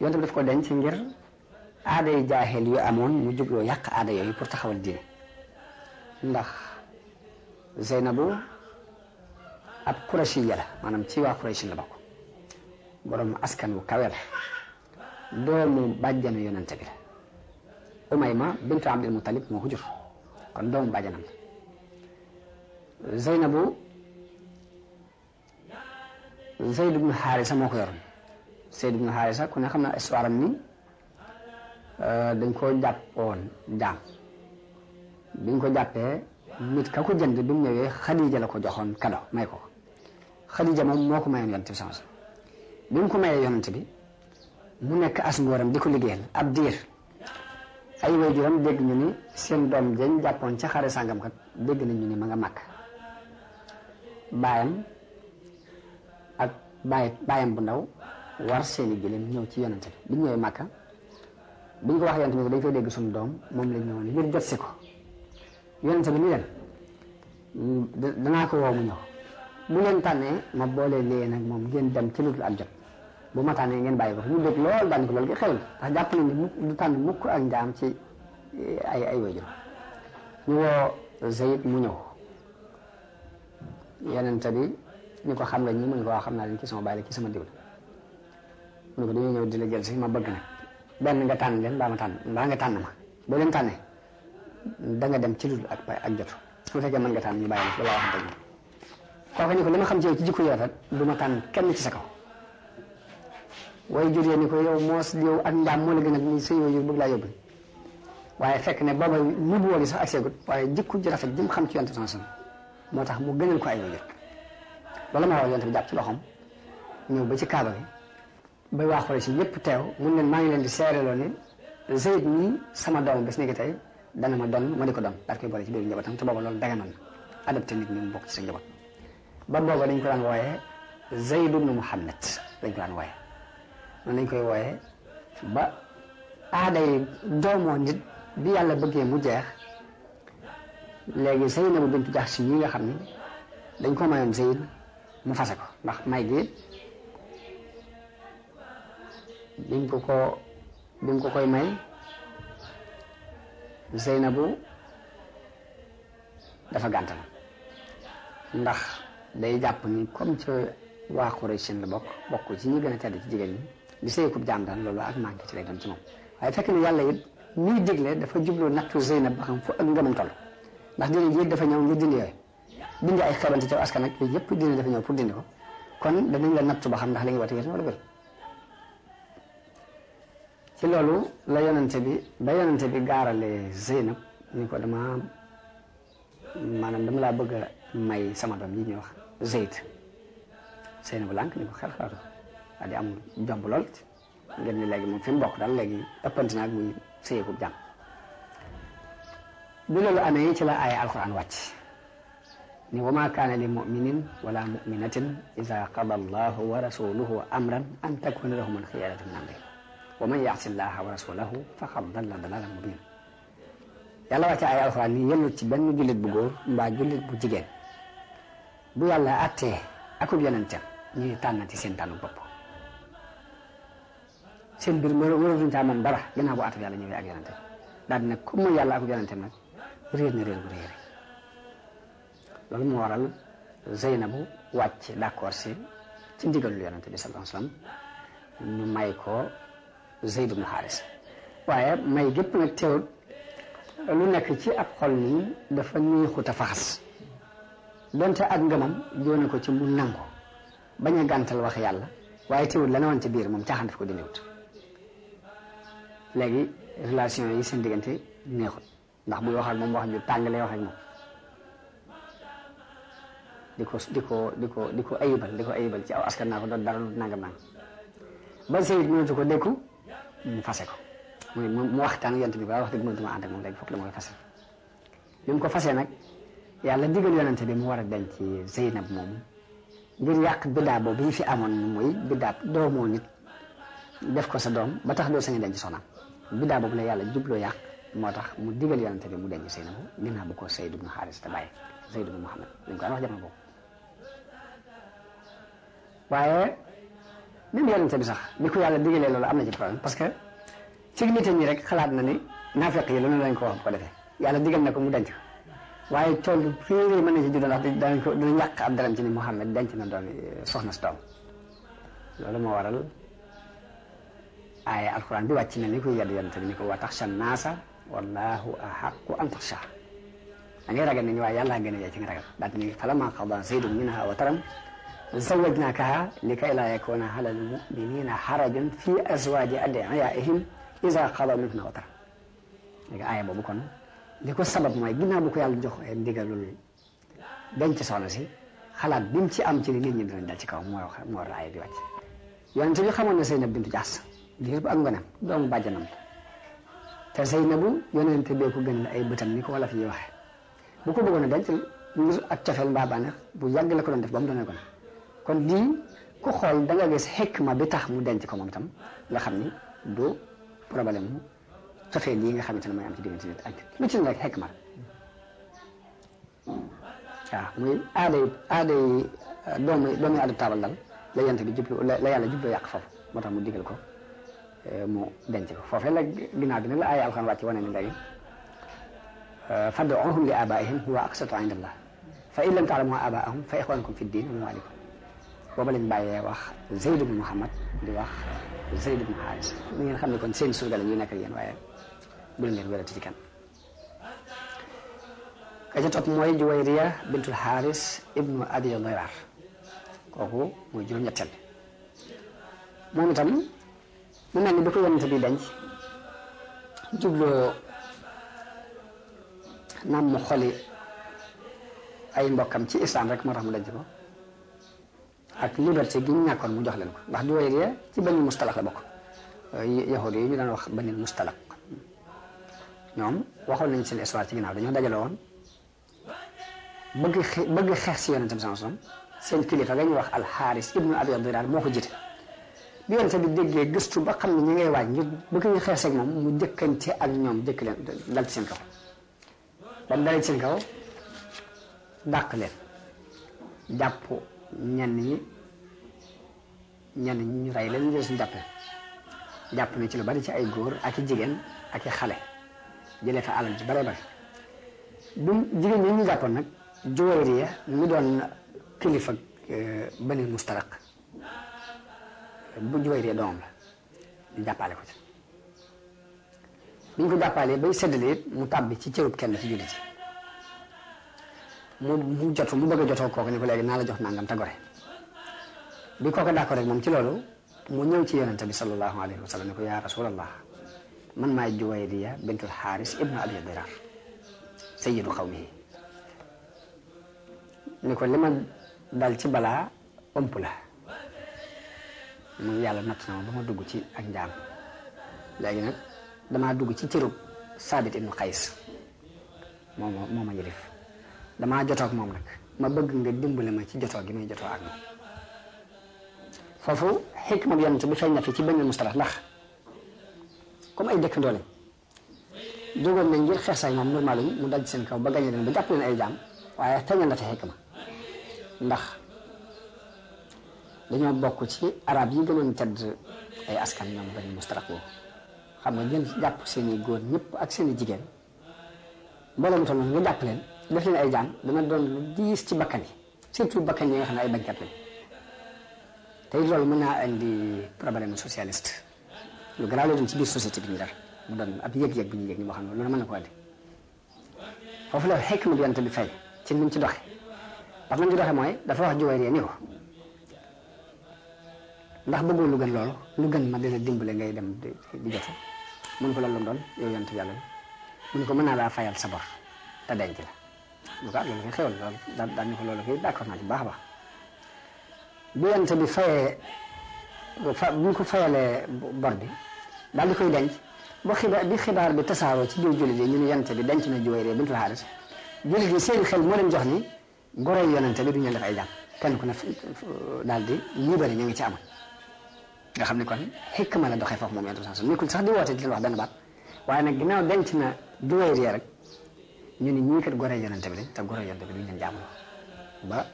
leen daf ko denc ngir aada yu yu amoon mu jubloo yàq aada yooyu pour taxawal diine ndax Zeynabu ab Quraysh ya la maanaam ci waa Quraysh la bokk borom askan wu kawe la doomu bàjjanu yonente bi la Umayma bintu Abdul Mutalib moo ko jur kon doomu bàjjanam la Zeynabu Zeyd ibnu Xaarisa moo ko yoroon Zeyd ibnu Xaarisa ku ne na histoire ni Euh, dañ koo jàppoon jaam biñ ko jàppee nit ka ko jënd bi mu ñëwee Xadija la ko joxoon kado may ko Xadija moom moo ko mayoon yonent bi sans bi mu ko mayee yonent bi mu nekk as ngóoram di ko liggéeyal ab diir ay waajuram dégg ñu ni seen doom dañ jàppoon ci xare sàngam kat dégg nañ ñu ni ma nga màkk baayam ak baay baayam bu ndaw war seeni gëléem ñëw ci yonent bi bi ñëwee màkka bu ñu ko waxee yonent bi dañ koy dégg suñu doom moom lañ ñëwoon ngir jot si ko yonent bi ni leen danaa mu leen tànnee ma boole lee nag moom ngeen dem ci lutul ak jot bu ma ngeen bàyyi ko fi mu dégg lool daan ko lool gi xewul ndax jàpp nañ ni mukk du ci eh, ay ay wajur ñu mu ñëw yonent bi ni xam nga ñi mu ne waa xam naa leen ci sama bàyyi sama diw la mu ne di la jël ma bëgg nag benn nga tànn leen mbaa ma tànn mbaa nga tànn ma boo leen tànnee da nga dem ci ludul ak pay ak jotu su fekkee mën nga tànn ñu bàyyi la waxante ñu kooku ni ko li ma xam ci yow ci jikko yu rafet du ma tànn kenn ci sa kaw waaye jur ni ko yow moos yow ak njaam moo la gën a ni sa yooyu bëgg laa yóbbu waaye fekk ne booba nubu woo gi sax ak seegut waaye jikko ji rafet ji mu xam ci yonte sansan moo tax mu gënal ko ay yooyu loolu ma wax yonte bi jàpp ci loxoom ñëw ba ci kaaba bi ba waa Quraysh yépp teew mun leen maa ngi di seereloo ne Zayd nii sama doom bés ni ki tey dana ma doon ma di ko doon daal koy boole ci biir njabootam te booba loolu daganoon adopté nit ñi mu bokk ci sa njaboot ba booba dañ ko daan wooyee Zayd ibnu Muhammad dañ ko daan wooyee noonu lañ koy wooyee ba aaday doomoo nit bi yàlla bëggee mu jeex léegi Zeynabu bintu Jahsh si ñi nga xam ni dañ ko mayoon Zayd mu fase ko ndax may gi bim ko ko bim ko koy may Zeynabu dafa gàntal ndax day jàpp ni comme ci waa Quraysh la bokk bokk ci ñi gën a tedd ci jigéen ñi di sëykub jaam daan loolu ak manqué ci lay doon ci moom waaye fekk ni yàlla it muy digle dafa jubloo nattu Zeynab ba xam fu ak ngëmam toll ndax dina ji dafa ñëw ngir dindi ay xeebante ci askan ak yooyu yëpp dina dafa ñëw pour dindi ko kon danañ la nattu ba xam ndax li nga woote wér na wala ci loolu la yonente bi ba yonente bi gaarale Zeynab ni ko dama maanaam dama laa bëgg a may sama doom yi ñuy wax Zeyd Zeynab lànk ni ko xel xalaatu daa di jomb lool ngeen ni fi mu bokk daal léegi ëppante naag muy sëyeeku jàmm bi loolu amee ci la aaya alquran wàcc ni wa maa kaana li muminin wala muminatin ida qada allahu wa rasuluhu amran an takuna lahum alxiyaratu min amri wa man yaasi llaha wa rasulahu faqad dalla dalalan mubina yàlla wàcce ay alxuraan ni yellu ci benn jullit bu góor mbaa jullit bu jigéen bu yàlla attee akub yonentam ñuy tànnati seen tànnu bopp seen mbir waratuñ caa moom dara ginnaaw bu attub yàlla ñëwee ak yonentam daal di nag comme yàlla akub yonentam nag réer na réer bu réere loolu moo waral Zeyd ibn Xaaris waaye may gépp nag teewut lu nekk ci ab xol nii dafa neexut a faxas donte ak ngëmam joone ko ci mu nangu bañ a gàntal wax yàlla waaye teewut la ne ci biir moom caaxaan daf ko dindiwut léegi relation yi seen diggante neexut ndax buy wax moom wax tàng lay wax ak di ko di ko di ko di ko ayibal di ko ayibal ci aw askan naa ko doon dara nangam nangam ba Zeyd mënatu ko dékku mu fase ko mu mu waxtaan yonent bi ba wax dëgg mënatuma ànd ak moom léegi la mooy fase ni mu ko fasee nag yàlla digal yonent bi mu war a denc Zeynab moom ngir yàq biddaa boobu ñu fi amoon muy biddaa doomoo nit def ko sa doom ba tax doo sañ a denc soxnaam biddaa boobu la yàlla jubloo yàq moo tax mu digal yonent bi mu denc Zeynab ginnaaw bu ko Zayd ibn Haaris te bàyyi Zayd ibn Muhammad dañ ko daan wax jamono boobu même yonente bi sax bi ko yàlla digalee loolu am na ci problème parce que ci nit ñi rek xalaat na ni naafeq yi loolu lañ ko wax bu ko defee yàlla digal na ko mu denc ko waaye tool fi réer mën na ci juddoo ndax danañ ko danañ yàq ab daram ci ni Muhammad denc na doon eh, soxna si doom loolu moo waral aaya alxuraan bi wàcc na ni koy yedd yonente bi ni ko wa taxsha naasa wallahu ahaqu an taxsha da ngay ragal ni ñu waaye yàlla gën a yee ci nga ragal daal ni falamaa qadaa zaydun minhaa wataran زوجناكها لكي لا يكون على المؤمنين حرج في أزواج أدعيائهم إذا قضوا منهن وترا aaya boobu kon li ko sabab mooy gina bu ko yàlla jox ndigalul denc soxna si xalaat bi mu ci am ci li nit ñi dal ci kaw moo moo raaya bi wàcc yonent bi xamoon na Zeynab doomu bàjjanam la te Zeynabu yonent bee ko gën ay bëtam ni ko wolof yi waxe bu ko bëggoon a denc ngir ak cofeel mbaa bànneex bu yàgg la ko doon def ba mu doonee kon lii ku xool da nga gis xikma bi tax mu denc ko moom itam nga xam ni du problème mu cofee lii nga xamante ne mooy am ci diggante nit ak lu ci nekk xikma waaw muy aada yi aada yi doomu euh, doomu aada taabal dal la yent bi jublu la yàlla jublu yàq foofu moo tax mu digal ko euh, mu denc ko foofee la ginnaaw bi nag la aaya alxuraan wàcc wane ni léegi euh, fad'uuhum li aabaa'ihim huwa aqsatu inda allah fa in lam ta'lamu aabaa'ahum fa ixwaanukum fi ddin wa amwaalikum booba lañ bàyyee wax Zayd ibn Muhammad di wax Zayd ibn Haris li ngeen xam ne kon seen surga la ñuy nekk ak yéen waaye bu leen leen wérati ci kenn ka ca mooy Juwayriya bintul Haris ibnu Abi Dirar kooku mooy juróom-ñetteel moom itam mu mel ni bi ko yonente bi denc jubloo naam mu xoli ay mbokkam ci islam rek moo tax mu denc ko ak liberté gi ñu ñàkkoon mu jox leen ko ndax juwayriya ci benn mustalak la bokk euh, yahudi yi ñu daan wax benn mustalak ñoom waxoon nañ seen histoire ci ginnaaw dañoo dajale woon bëgg xe bëgg xeex si yonente bi sama seen kilifa nga ñuy wax alxaaris ibnu a diraar moo ko jiite bi yonente bi déggee gëstu ba xam ne ñi ngay waaj ñu bëgg ñu xeex ak moom mu jëkkante ak ñoom jëkk leen dal ci seen kaw ba mu dalee ci seen kaw leen jàpp ñenn ñi ñenn ñi ñu rey leen ñu suñ jàppe jàpp na ci lu bari ci ay góor ak i jigéen ak i xale jëlee fa alal ci bare bari du jigéen ñi ñu jàppoon nag Juwayriya mu doon kilifa euh, Bani Mustaraq bu Juwayriya doom la ñu jàppale ko ci bi ñu ko jàppalee bay séddale mu tàbbi ci cërub kenn ci jullit mu mu jotu mu bëgg jotoo kooku ne ko léegi naa la jox nangam te gore bi kooku d'accord rek moom ci loolu mu ñëw ci yonente bi sallallahu alayhi wa sallam ne ko yaa rasulallah man maay Juwayriya bintul Xaaris ibnu Abi Dirar sayyidu xawmihi ni ko li ma dal ci balaa ëmp la mu yàlla natt na ma ba ma dugg ci ak njaam léegi nag damaa dugg ci cërub Saabit ibnu Qays moo ma moo damaa jotoo ak moom nag ma bëgg nga dimbale ma ci jotoo gi may jotoo ak moom foofu xikma bi yonent bi feeñ na fi ci bañul mustalax ndax comme ay dëkk ndoole jógoon nañ ngir xeex ak moom mu daj seen kaw ba gañe leen ba jàpp leen ay jaam waaye feeñal na fi ndax dañoo bokk ci arab yi gënoon tedd ay askan ñoom bañul mustalax boobu xam nga ngeen jàpp seen i góor ñëpp ak seeni jigéen mbooloo mu toll nga jàpp leen. def leen ay jaam dana doon lu diis ci bakkan yi surtout bakkan yi xam ne ay bañkat lañ te loolu mën naa indi problème socialiste lu garaaw lay doon ci biir société bi ñu dar bu doon ab yëg-yëg bi ñu yëg ñu moo xam ne loolu mën na ko indi foofu la xekk mu yonent bi fay ci ni ci doxe parce que ni mu ci doxe mooy dafa wax juway ree ni ko ndax bëggoo lu gën loolu lu gën ma dina dimbale ngay dem di mun ko loolu doon yow yonent yàlla bi mun ko mën naa laa fayal sa bor te denc la lu ko ak loolu xew la daal daal ñu ko loolu kay d'accord naa ci baax a baax bu yonent bi fayee fa bu ñu ko fayalee bor bi daal di koy denc ba xibaar bi xibaar bi tasaaroo ci biir jullit yi ñu ne yonent bi denc na Juwayriya bintul Haaris jullit yi seen xel moo leen jox ni goroy yonent bi du ñu def ay jàmm kenn ku ne daal di libéré ñu ngi ci amoon nga xam ne kon xikma la doxee foofu moom yonent bi sax nekkul sax di woote di leen wax benn baat waaye nag ginnaaw denc na Juwayriya rek. ñu ni ñii kat goree yonente bi te goree yonente bi duñ leen jaamu ba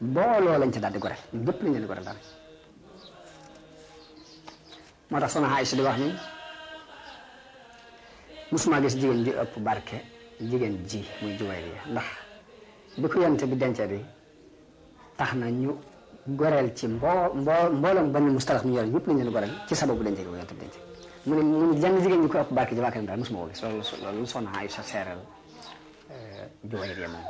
booloo lañ ci daal di goreel ñun ñëpp lañ leen di goreel daal moo tax wax ni musuma gis jigéen ji ëpp barke jigéen ji muy juway bi ndax bi ko yonente bi dencee bi tax na ñu goreel ci mboo mboo mbooloom ba ñu mustalax ñu yor ñëpp lañ leen goreel ci sababu dencee mu ne mu jigéen ñi ko ëpp barke ji waa këram daal musuma ko gis loolu loolu soxna Aïcha seeral juwayriya moom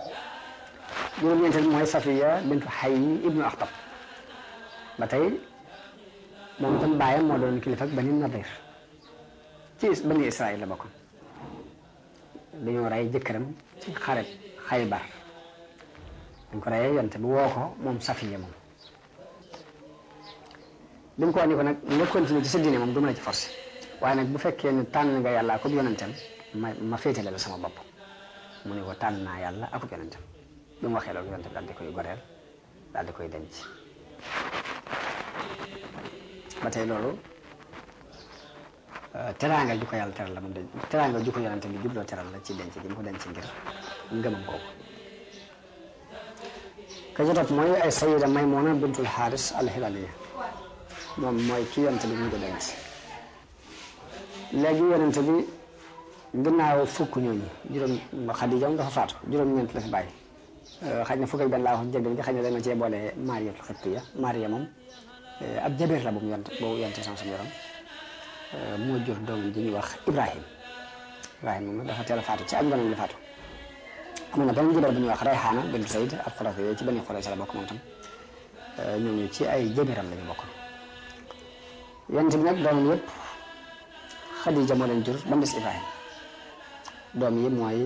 juróom-ñeenteel mooy Safiya bintu Hayy ibnu Axtab ba moom itam baayam moo doon kilifa ak Bani Nadir ci Bani Israil la bokkoon dañoo rey jëkkëram ci xaret Xaybar dañ ko reyee yonte bi woo ko moom Safiya moom bi mu ko andi ko nag ci moom du ma la ci forcé waaye nag bu fekkee ne tànn nga yàllaa ko yonentam ma ma féetale la sama bopp mu ne ko tànn naa yàlla akub yonentam bi mu waxee loolu yonent bi daal di koy goreel daal di koy denc ba tey loolu euh, teraanga ju ko yàlla teral la moom bi jubloo teral la ci denc bi mu ko denc ngir ngëmam kooku ka ci topp mooy ay sayida Maymuna bintul Xaaris alxilaliya moom mooy ki yonent bi mu ko denc léegi yonent bi ginnaaw fukk ñooñu juróom Xadija dafa faatu juróom-ñeent la fi bàyyi euh, xaj na fukk ak la laa wax jënd bi xaj na dama cee boole Maariyatul Xibtiya Maariya moom euh, ab jabeer la bu mu yont boobu yonte sama euh, wax Ibrahim Ibrahim moom dafa teel ci ak ngoonam la faatu. amoon na benn jabar bu ñuy wax Rayhaana bint Zayd ak Xurafa yooyu ci benn Xurafa sa la bokk moom tam ñooñu ci la ñu doomam yëpp Xadija moo leen jur ba mu des Ibrahim doom yi mooy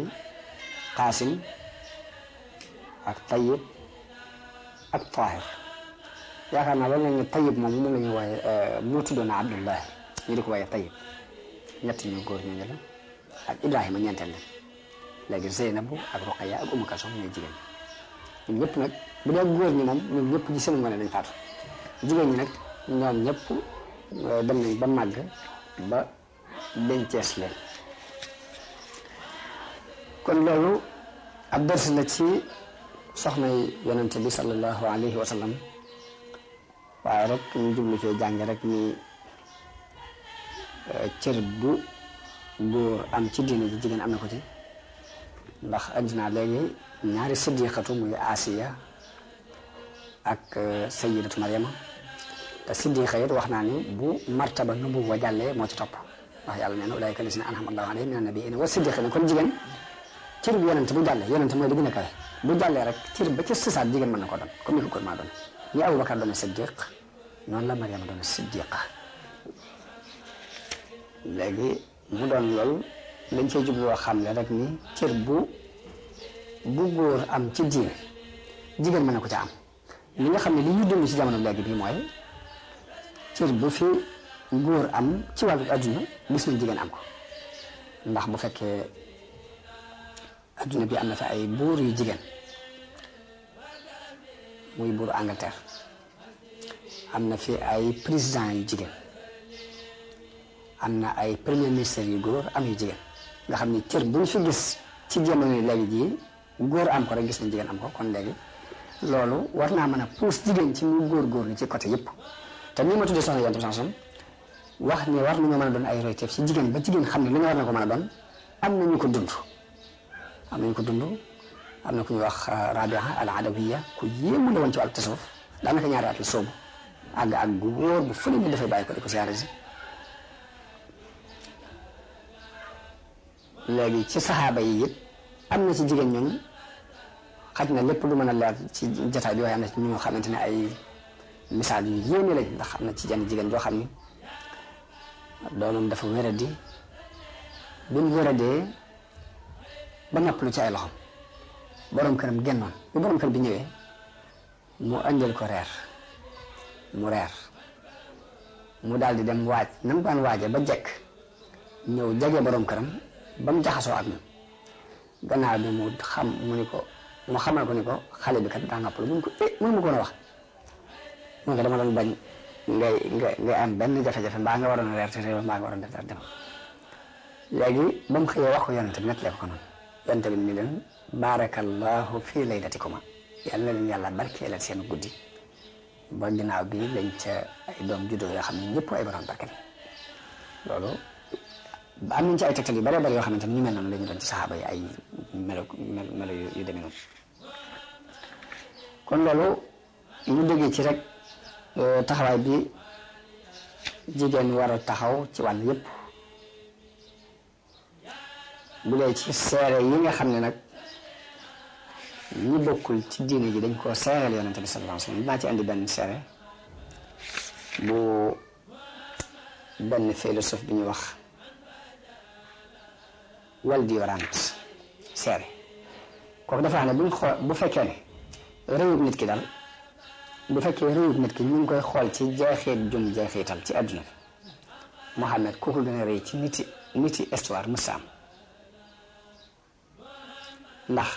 xaasim ak tayib ak tahir yaakaar naa loolu lañ ne tayib moom moom la ñu wooye euh, moo tuddoon na abdullahi ñu di ko wooye tayib ñett ñu góor ñooñu la ak ibrahima ñeenteel la léegi zeynabu ak ruqaya ak umu kalsum ñooy jigéen ñun ñëpp nag bu dee góor ñi moom dañ faatu jigéen ñëpp euh, dem ba màgg ba dencees kon loolu ab dërs la ci soxnay yonente bi sallallahu alayhi wa sallam waaye rek ñu jublu cee jànge rek ni eh, cër bu góor am ci diine ji jigéen am na ko ci ndax indi naa léegi ñaari siddiqatu muy Asiya ak eh, sayidatu Mariama te siddiqa it wax naa ni bu martaba nubuwa jàllee moo ci topp ndax yàlla nee na ulaayka lazina an'ama allahu alayhim mina nabiyyiina wa siddiqiina kon jigéen cër bi yonent bu jàllee yonent mooy li gën a kawe bu jàllee rek cër ba ci sisaat jigéen mën na ko doon comme ni ko góor maa doon ni Aboubacar doon siddiq noonu la Mariama doon siddiqa léegi mu doon loolu dañ cee jubloo xam ne rek ni cër bu bu am ci diin jigéen mën na ko ca am nga xam ne ñu dund ci jamono léegi bii mooy cër bu am ci wàllu adduna gis nañ am ko bu fekkee adduna bi am na fi ay buur yu jigéen muy buuru Angleterre am na fi ay président yu jigéen am na ay premier ministre yu góor am yu jigéen nga xam ni cër bu ñu fi gis ci jamono léegi jii góor am ko rek gis na jigéen am ko kon léegi loolu war naa mën a pousse jigéen ci mu góor-góor ni ci côté yëpp te nii ma tuddee soxna Yonent bi sansom wax ni war nañoo mën a doon ay royteef ci jigéen ba jigéen xam ne li nga war na ko mën a doon am nañu ko dund am nañ ko dund am na ku ñuy wax euh, Rabia al Adawiya ku yéemu la woon ci wàllu tasawuf daanaka ñaari at la soobu àgg ak gu wóor bu fële ni dafay ko di ko siyaare si léegi ci saxaaba yi it am na ci jigéen ñoom xaj na lépp lu mën a leer ci jataay bi waaye am na ci ñu xamante ne ay misaal yu yéeme lañ ndax am na ci jan jigéen joo xam ni doomam dafa wéradi bi mu ba noppalu ci ay loxom borom këram gennoon bu borom kër bi ñëwee mu andil ko reer mu reer mu daal di dem waaj na mu daan waaje ba jekk ñëw jege borom këram ba mu jaxasoo ak moom gannaaw bi mu xam mu ni ko mu xamal ko ni ko xale bi kat daa noppalu mu ko eh mënu ma ko woon wax mu ko dama doon bañ ngay am benn jafe-jafe mbaa nga waroon a reer te réew mbaa nga waroon a def dara dem léegi ba mu xëyee wax ko yonent bi nettalee ko noonu yonte bi ni leen baarakallahu fii laylatikuma yàlla na leen yàlla barkeelal seen guddi ba ginnaaw bi lañ ca ay doom juddoo yoo xam ne ñëpp ay borom barke loolu am nañ ci ay tegtal yoo xamante ni ñu mel noonu la ñu doon ci saxaaba yi ay melo melo yu demee noonu kon loolu ñu déggee ci rek euh, taxawaay bi jigéen war taxaw ci wàll yëpp bu dee ci seere yi nga xam ne nag ñi bokkul ci diine ji dañ koo seereel yonente bi sallallahu alayhi ci andi benn seere bu benn philosophe bi ñu wax Waldemarant seere kooku dafa xam ne buñ xool bu fekkee ne réewub nit ki daal bu fekkee réewub nit ki ñu ngi koy xool ci jeexit jum jeexital ci adduna bi Mohamed kooku gën a rëy ci niti niti histoire musaam ndax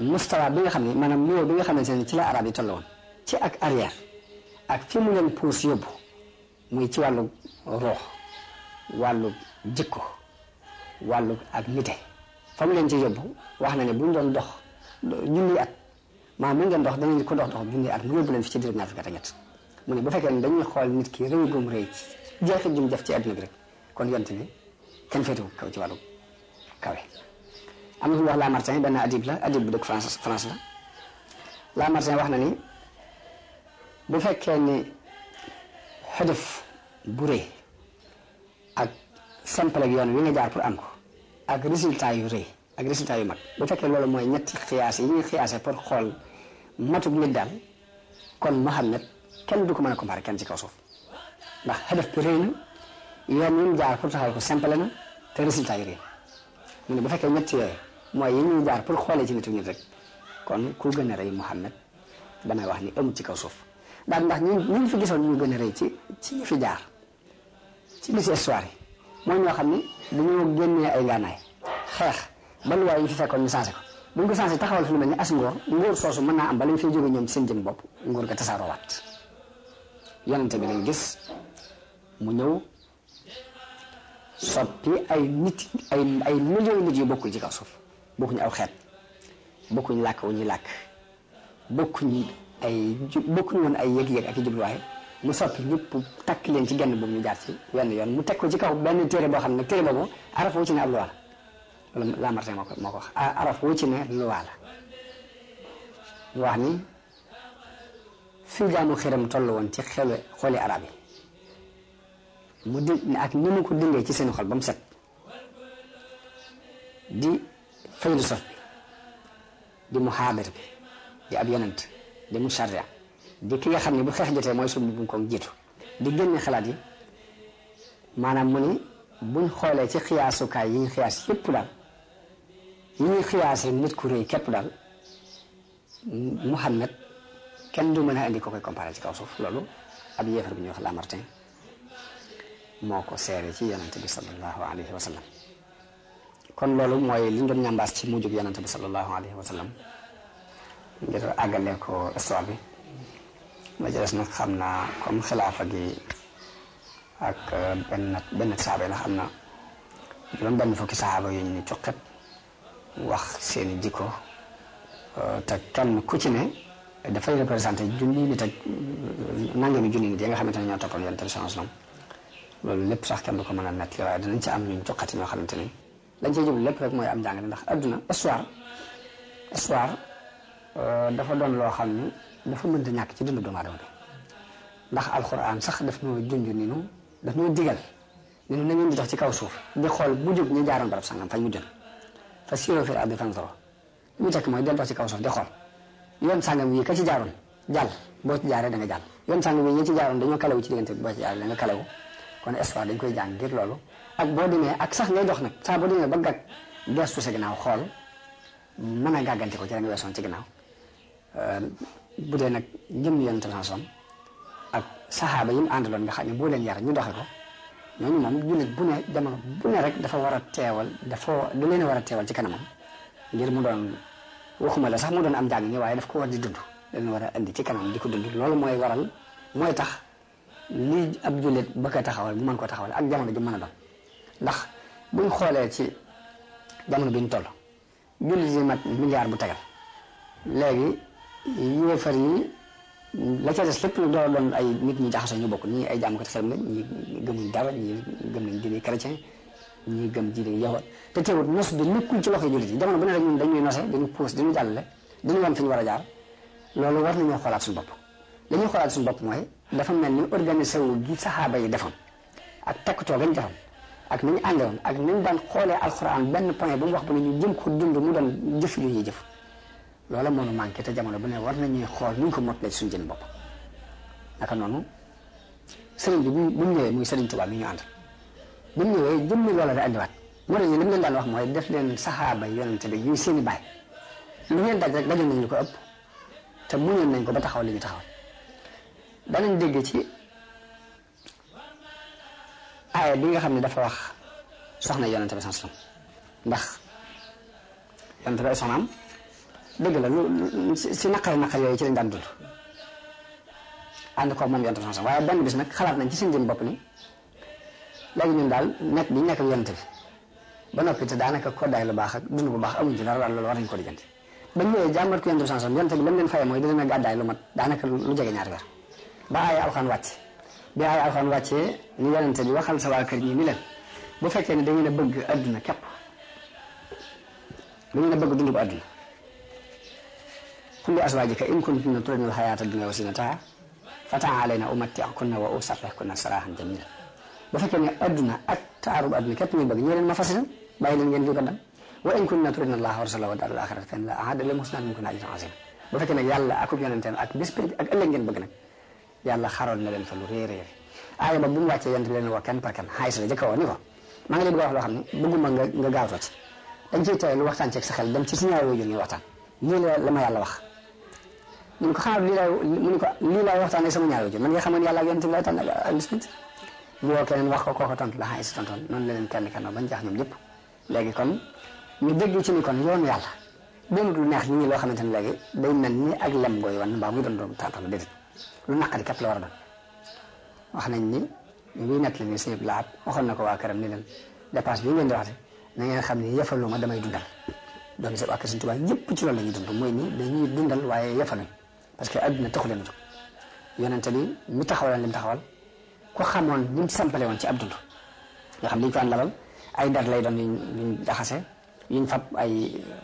mustawa bi nga xam ne maanaam niveau bi nga xamante ne ci la arab yi ci ak arrière ak fi mu leen puus yóbbu muy ci wàllu ruux wàllu ak nite fa mu leen ci yóbbu wax na ne buñ doon dox junni at maanaam mu ngeen dox danañ ko dox dox junni at mu yóbbu ci diir ñaar fukki at ak ñett mu ne bu fekkee ne dañuy xool nit ki rëy gum rëy jeexit jum def ci adduna bi rek kon yonent bi kenn féetewu kaw ci wàllu kawe am na la mu wax Lamartine benn adib la adib bu dëkk France France la Lamartine wax na ni bu fekkee ni xëdëf bu rëy ak simple yoon wi nga jaar pour am ko ak résultat yu rëy ak résultat yu mag bu fekkee loolu mooy ñetti xiyaas yi ñuy xiyaase pour xool matug nit daal kon Muhammad kenn du ko mën a comparé kenn ci kaw suuf ndax xëdëf bi rëy na yoon wi mu jaar pour taxawal ko simple na te résultat yu rëy mu ne bu fekkee ñetti yooyu mooy yi ñuy jaar pour xoolee ci nitu nit rek kon ku gën a rëy Muhammad damay wax ni amul ci kaw suuf daal ndax ñu ñu fi gisoon ñu gën a ci ci ñu fi jaar ci biir histoire yi mooy ñoo xam ni dañoo ay gànnaay xeex ba luwaay fekkoon ñu changé ko bu ñu ko changé taxawal fi lu mel ni as ngóor ngóor soosu mën naa am ba lañ fay jóge ñoom ci seen jëm bopp ngóor ga tasaaroowaat yonente bi lañ gis mu ñëw soppi ay nit ay ay millions nit yu bokkul ci kaw suuf bokkuñu aw xeet bokkuñu làkk wu ñuy làkk bokkuñu ay bokkuñu woon ay yëg-yëg mu soppi ñëpp takk leen ci genn boobu ñu jaar ci wenn yoon mu teg ko ci kaw benn téere boo xam ne téere boobu araf wu ci la wala moo ko ci la mu wax ni fii jaamu xiram toll woon ci xelu xooli arab yi mu di ak ni mu ko dindee ci seen xol ba mu set di philosophe di muhaabir bi di ab yonent di musharria di ki nga xam ne bu xeex jotee mooy suñu mu ko jiitu di génne xalaat yi maanaam mu ni buñ xoolee ci xiyaasukaay yi ñu xiyaas yëpp daal yi ñuy xiyaasee nit ku réy képp daal Muhammad kenn du mën a indi ko koy comparé ci kaw suuf loolu ab yéefar bi ñuy wax Lamartin moo ko seere ci yonent bi sallallahu alayhi wa kon loolu mooy li ñu doon ñambaas ci mujjug yonente bi sallallahu alayhi wa sallam ngir àggale ko histoire bi la des nag xam naa comme xilaafa gi ak euh, benn benn saaba yi la xam na juróom benn fukki saxaaba yu ñu cuqet wax seeni jikko euh, te kenn ku ci ne dafay représenté junni nit ak euh, nangami junni nit yi nga xamante ne ñoo toppoon yonente bi sallallahu alayhi wa loolu lépp sax kenn du ko mën a nekk waaye danañ ci am ñu cuqati ñoo xamante ni lañ cey jublu lépp rek mooy am njàngale ndax adduna histoire histoire euh, dafa doon loo xam ni dafa mënta ñàkk ci dundu doomu aadama bi ndax alxuraan sax daf ñoo junj ni nu daf ñoo digal ni nu na ngeen di dox ci kaw suuf di xool bu jóg ñu jaaroon barab sangam fañ mu jël fa siiroo fil ardi fanzuru li mu tekk mooy del dox ci kaw suuf di xool yoon sangam wii ka ci jaaroon jàll boo ci jaaree da nga jàll yoon sàngam wii ñi ci jaaroon dañoo kalawu ci diggante boo ci jaaree da nga kon histoire dañ koy jàng ngir loolu ak boo demee ak sax ngay dox nag saa boo demee ba gàgg gestu sa ginnaaw xool mën a gàgganti ko ci la nga weesoon ci ginnaaw euh, bu dee nag jëm yonent bi soon ak saxaaba yi mu àndaloon nga xam ne boo leen yar ñu doxe ko ñooñu moom jullit bu ne jamono bu ne rek dafa war a teewal dafa da leen a war a teewal ci kanamam ngir mu doon waxuma la sax mu doon am jàng waaye daf ko war di dund leen war a indi ci kanam di ko dund loolu mooy waral mooy tax lii ab jullit bëgg a taxawal mu mën ko taxawal ak jamono ju mën a doon ndax bu ñu xoolee ci jamono biñ toll jullit yi mat milliard bu tegal léegi yéefar yi la ca des lépp lu door doon ay nit ñi jaxasoo ñu bokk ñu ay jàmmkat xel lañ ñii gëmuñ ñii gëm nañ diine chrétien ñii gëm diine yahood te teewut nos bi nekkul ci loxo jullit yi jamono bu ne rek ñun dañuy nose dañuy puus dañuy jàllale dañuy wan fi ñu war a jaar loolu war nañoo xoolaat suñu bopp dañuy xoolaat suñu bopp mooy dafa mel ni organisé wu gi saxaaba yi defoon ak takkutoo gañ defoon ak ni ñu ak ni daan xoolee alxuraan benn point bu mu wax bu ne ñu jëm ko dund mu doon jëf yu ñuy jëf loola moo nu manqué te jamono bu ne war nañuy xool nu ñu ko mottalee suñu jën bopp naka noonu sëriñ bi bu mu ñëwee muy sëriñ Tuubaa mi ñu ànd bu mu ñëwee jëmmi loola da andiwaat moo tax ñu li mu leen daan wax mooy def leen saxaaba yonente bi yuy seeni baay lu ngeen daj rek dajal nañu ko ëpp te muñoon nañ ko ba taxaw li ñu taxaw danañ dégg ci aaya bi nga xam ne dafa wax soxna yonente bi sallallahu alayhi ndax yonente bi ay soxnaam dëgg la lu si naqar naqar yooyu ci lañ daan dund ànd ko moom yonente bi sallallahu alayhi wasallam waaye bis nag xalaat nañ ci seen bopp ni léegi ñun daal nekk bi nekk yonente bi ba noppi te daanaka koddaay lu baax ak bu baax amuñ ci dara loolu war nañ ko diggante ba ñëwee jàmbat ko yonente fayee mooy dina gàddaay lu mat daanaka lu jege ñaari weer ba aaya alxaan wàcc bi ay alxuraan wàccee li yonente bi waxal sa waa kër ñi ni bo bu fekkee ne da bëgg àdduna képp da ngeen bëgg dund bu àdduna kullu aswaajika in kuntunna turidna alxayaata dunya wa zinataha fa taalayna umatti'kunna wa usaffihkunna ak taaru bu àdduna képp ngeen bëgg ñoo leen ma fasitan bàyyi leen ngeen jóg dam wa in kuntunna turidna allaha wa rasulahu wa daaral axirata fa inna allaha a'adda lil muhsinaati minkunna ajran aziima bu fekkee ne yàlla ak yonenteem ak bis ak ëllëg bëgg na yàlla xaroon na leen fa lu réer réer aaya ba bu mu wàccee yant bi leen woo kenn par kenn xaalis la jëkka woo ni ko maa ngi leen di wax loo xam ne bëgguma nga nga gaawtoo ci dañ ciy tayal waxtaan ceeg sa xel dem ci suñu waajur ñu waxtaan lii wax mun ko xanaa lii laay mun ko lii laay waxtaanee sama ñaari waajur man nga xamoon yàlla ak yonent bi lay tànn ak ah, lisbit mu woo keneen wax ko kooko tontu la xaalis tontoon noonu la leen kenn kenn bañ jaax ñoom ñëpp léegi kon ñu dégg ci ni kon yoonu lu neex ñi loo xamante ne léegi day mel ni ak lem booy wan mbaa muy doon doon tàntal déedéet lu naqari kat la war a doon wax nañ ni ñu ngi nett la ni sëñ laat waxoon na ko waa këram ni leen dépense bi ngeen di wax de na ngeen xam ni yëfalu ma damay dundal doomi sa waa kër Sëñ Tuubaa yëpp ci loolu la ñuy dund mooy ni dañuy dundal waaye yëfaluñ que adduna taxu leen a jóg yonente bi mu taxawalan li mu taxawal ku xamoon ni mu sampale woon ci ab dund nga xam liñ ko an labal ay ndar lay doon yuñ jaxase yuñ fab ay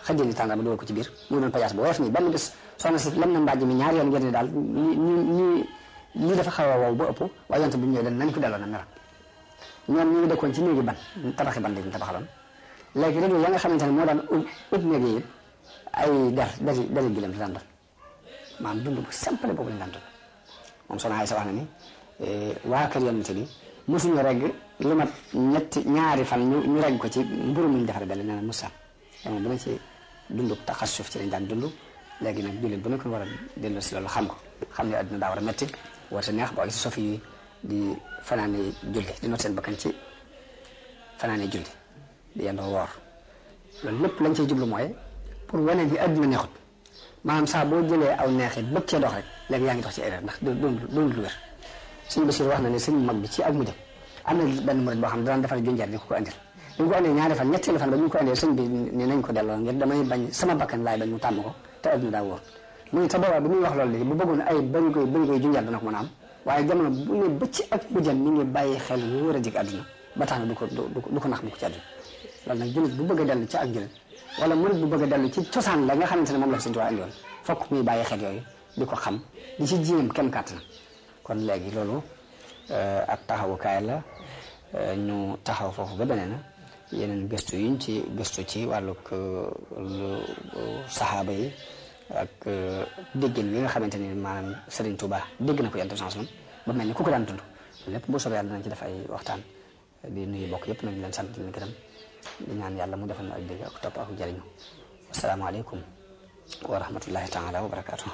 xajali tàngal ma dugal ko ci biir mu doon payaas bu woyof nii benn bés soxna si lem na mbaaj mi ñaari yoon ngeen ne daal lii lii lii dafa xaw a wow ba ëpp waaye yonent bi ñëwee dañ nañ ko delloo na melam ñoom ñu ngi dëkkoon ci néegi ban tabaxi ban lañ tabaxaloon léegi rajo ya nga xamante ne moo daan ëpp néeg yi ay der dari dari gilam si daan doon maanaam dund bu simple boobu lañ daan doon moom soxna Aysa wax na ni eh, waa kër yonent bi mosuñu regg lu mat ñetti ñaari fan ñu ñu regg ko ci mburu muñ defare belle nee na Moussa moom bu nañ ci dund taxasuf ci lañ daan dund léegi nag jullit bu nekk war a dellu si loolu xam ko xam ne war a métti war a neex boo di fanaane julli di noot ci fanaane julli di yendoo woor lépp ni na ne suñu mag bi ci ak mujjam am na benn murid boo xam ne daan defal junjaar di ko ko andil li ñu ko andee ñaari fan ñetteelu fan ba ñu ko andee sëñ bi ne ko delloo ngir damay bañ sama bakkan laay bañ mu tàmm ko te adduna daa wóor muy te boobaa muy wax loolu léegi bu bëggoon ay bëri koy bëri koy junjaat dana ko mën a am waaye jamono bu ne ba ci ak bu jëm mi ngi bàyyi xel yu war a jig adduna ba tax na du ko du ko nax mu ko ci adduna loolu bu bëgg a dellu ci ak njëriñ wala murit bu bëgg a dellu cosaan la nga xamante ne moom la fi Sëñ Tuubaa indi woon fokk muy bàyyi xel yooyu di ko xam di ci jéem kem kàttanam kon léegi loolu euh, ak taxawukaay la euh, ñu taxaw foofu ba beneen yeneen gëstu yuñ ci gëstu ci wàllug euh, saxaaba yi ak euh, déggin yi nga xamante ni maanaam Serigne Touba dégg na ko yàlla def ba mel ni ku ko daan dund lépp bu soobee yàlla dinañ ci def ay waxtaan di nuyu bokk yëpp nañ leen sant di leen gërëm di ñaan yàlla mu defal ñu ak dégg ak topp ak jëriñu asalaamaaleykum wa rahmatullahi taala wa barakaatu.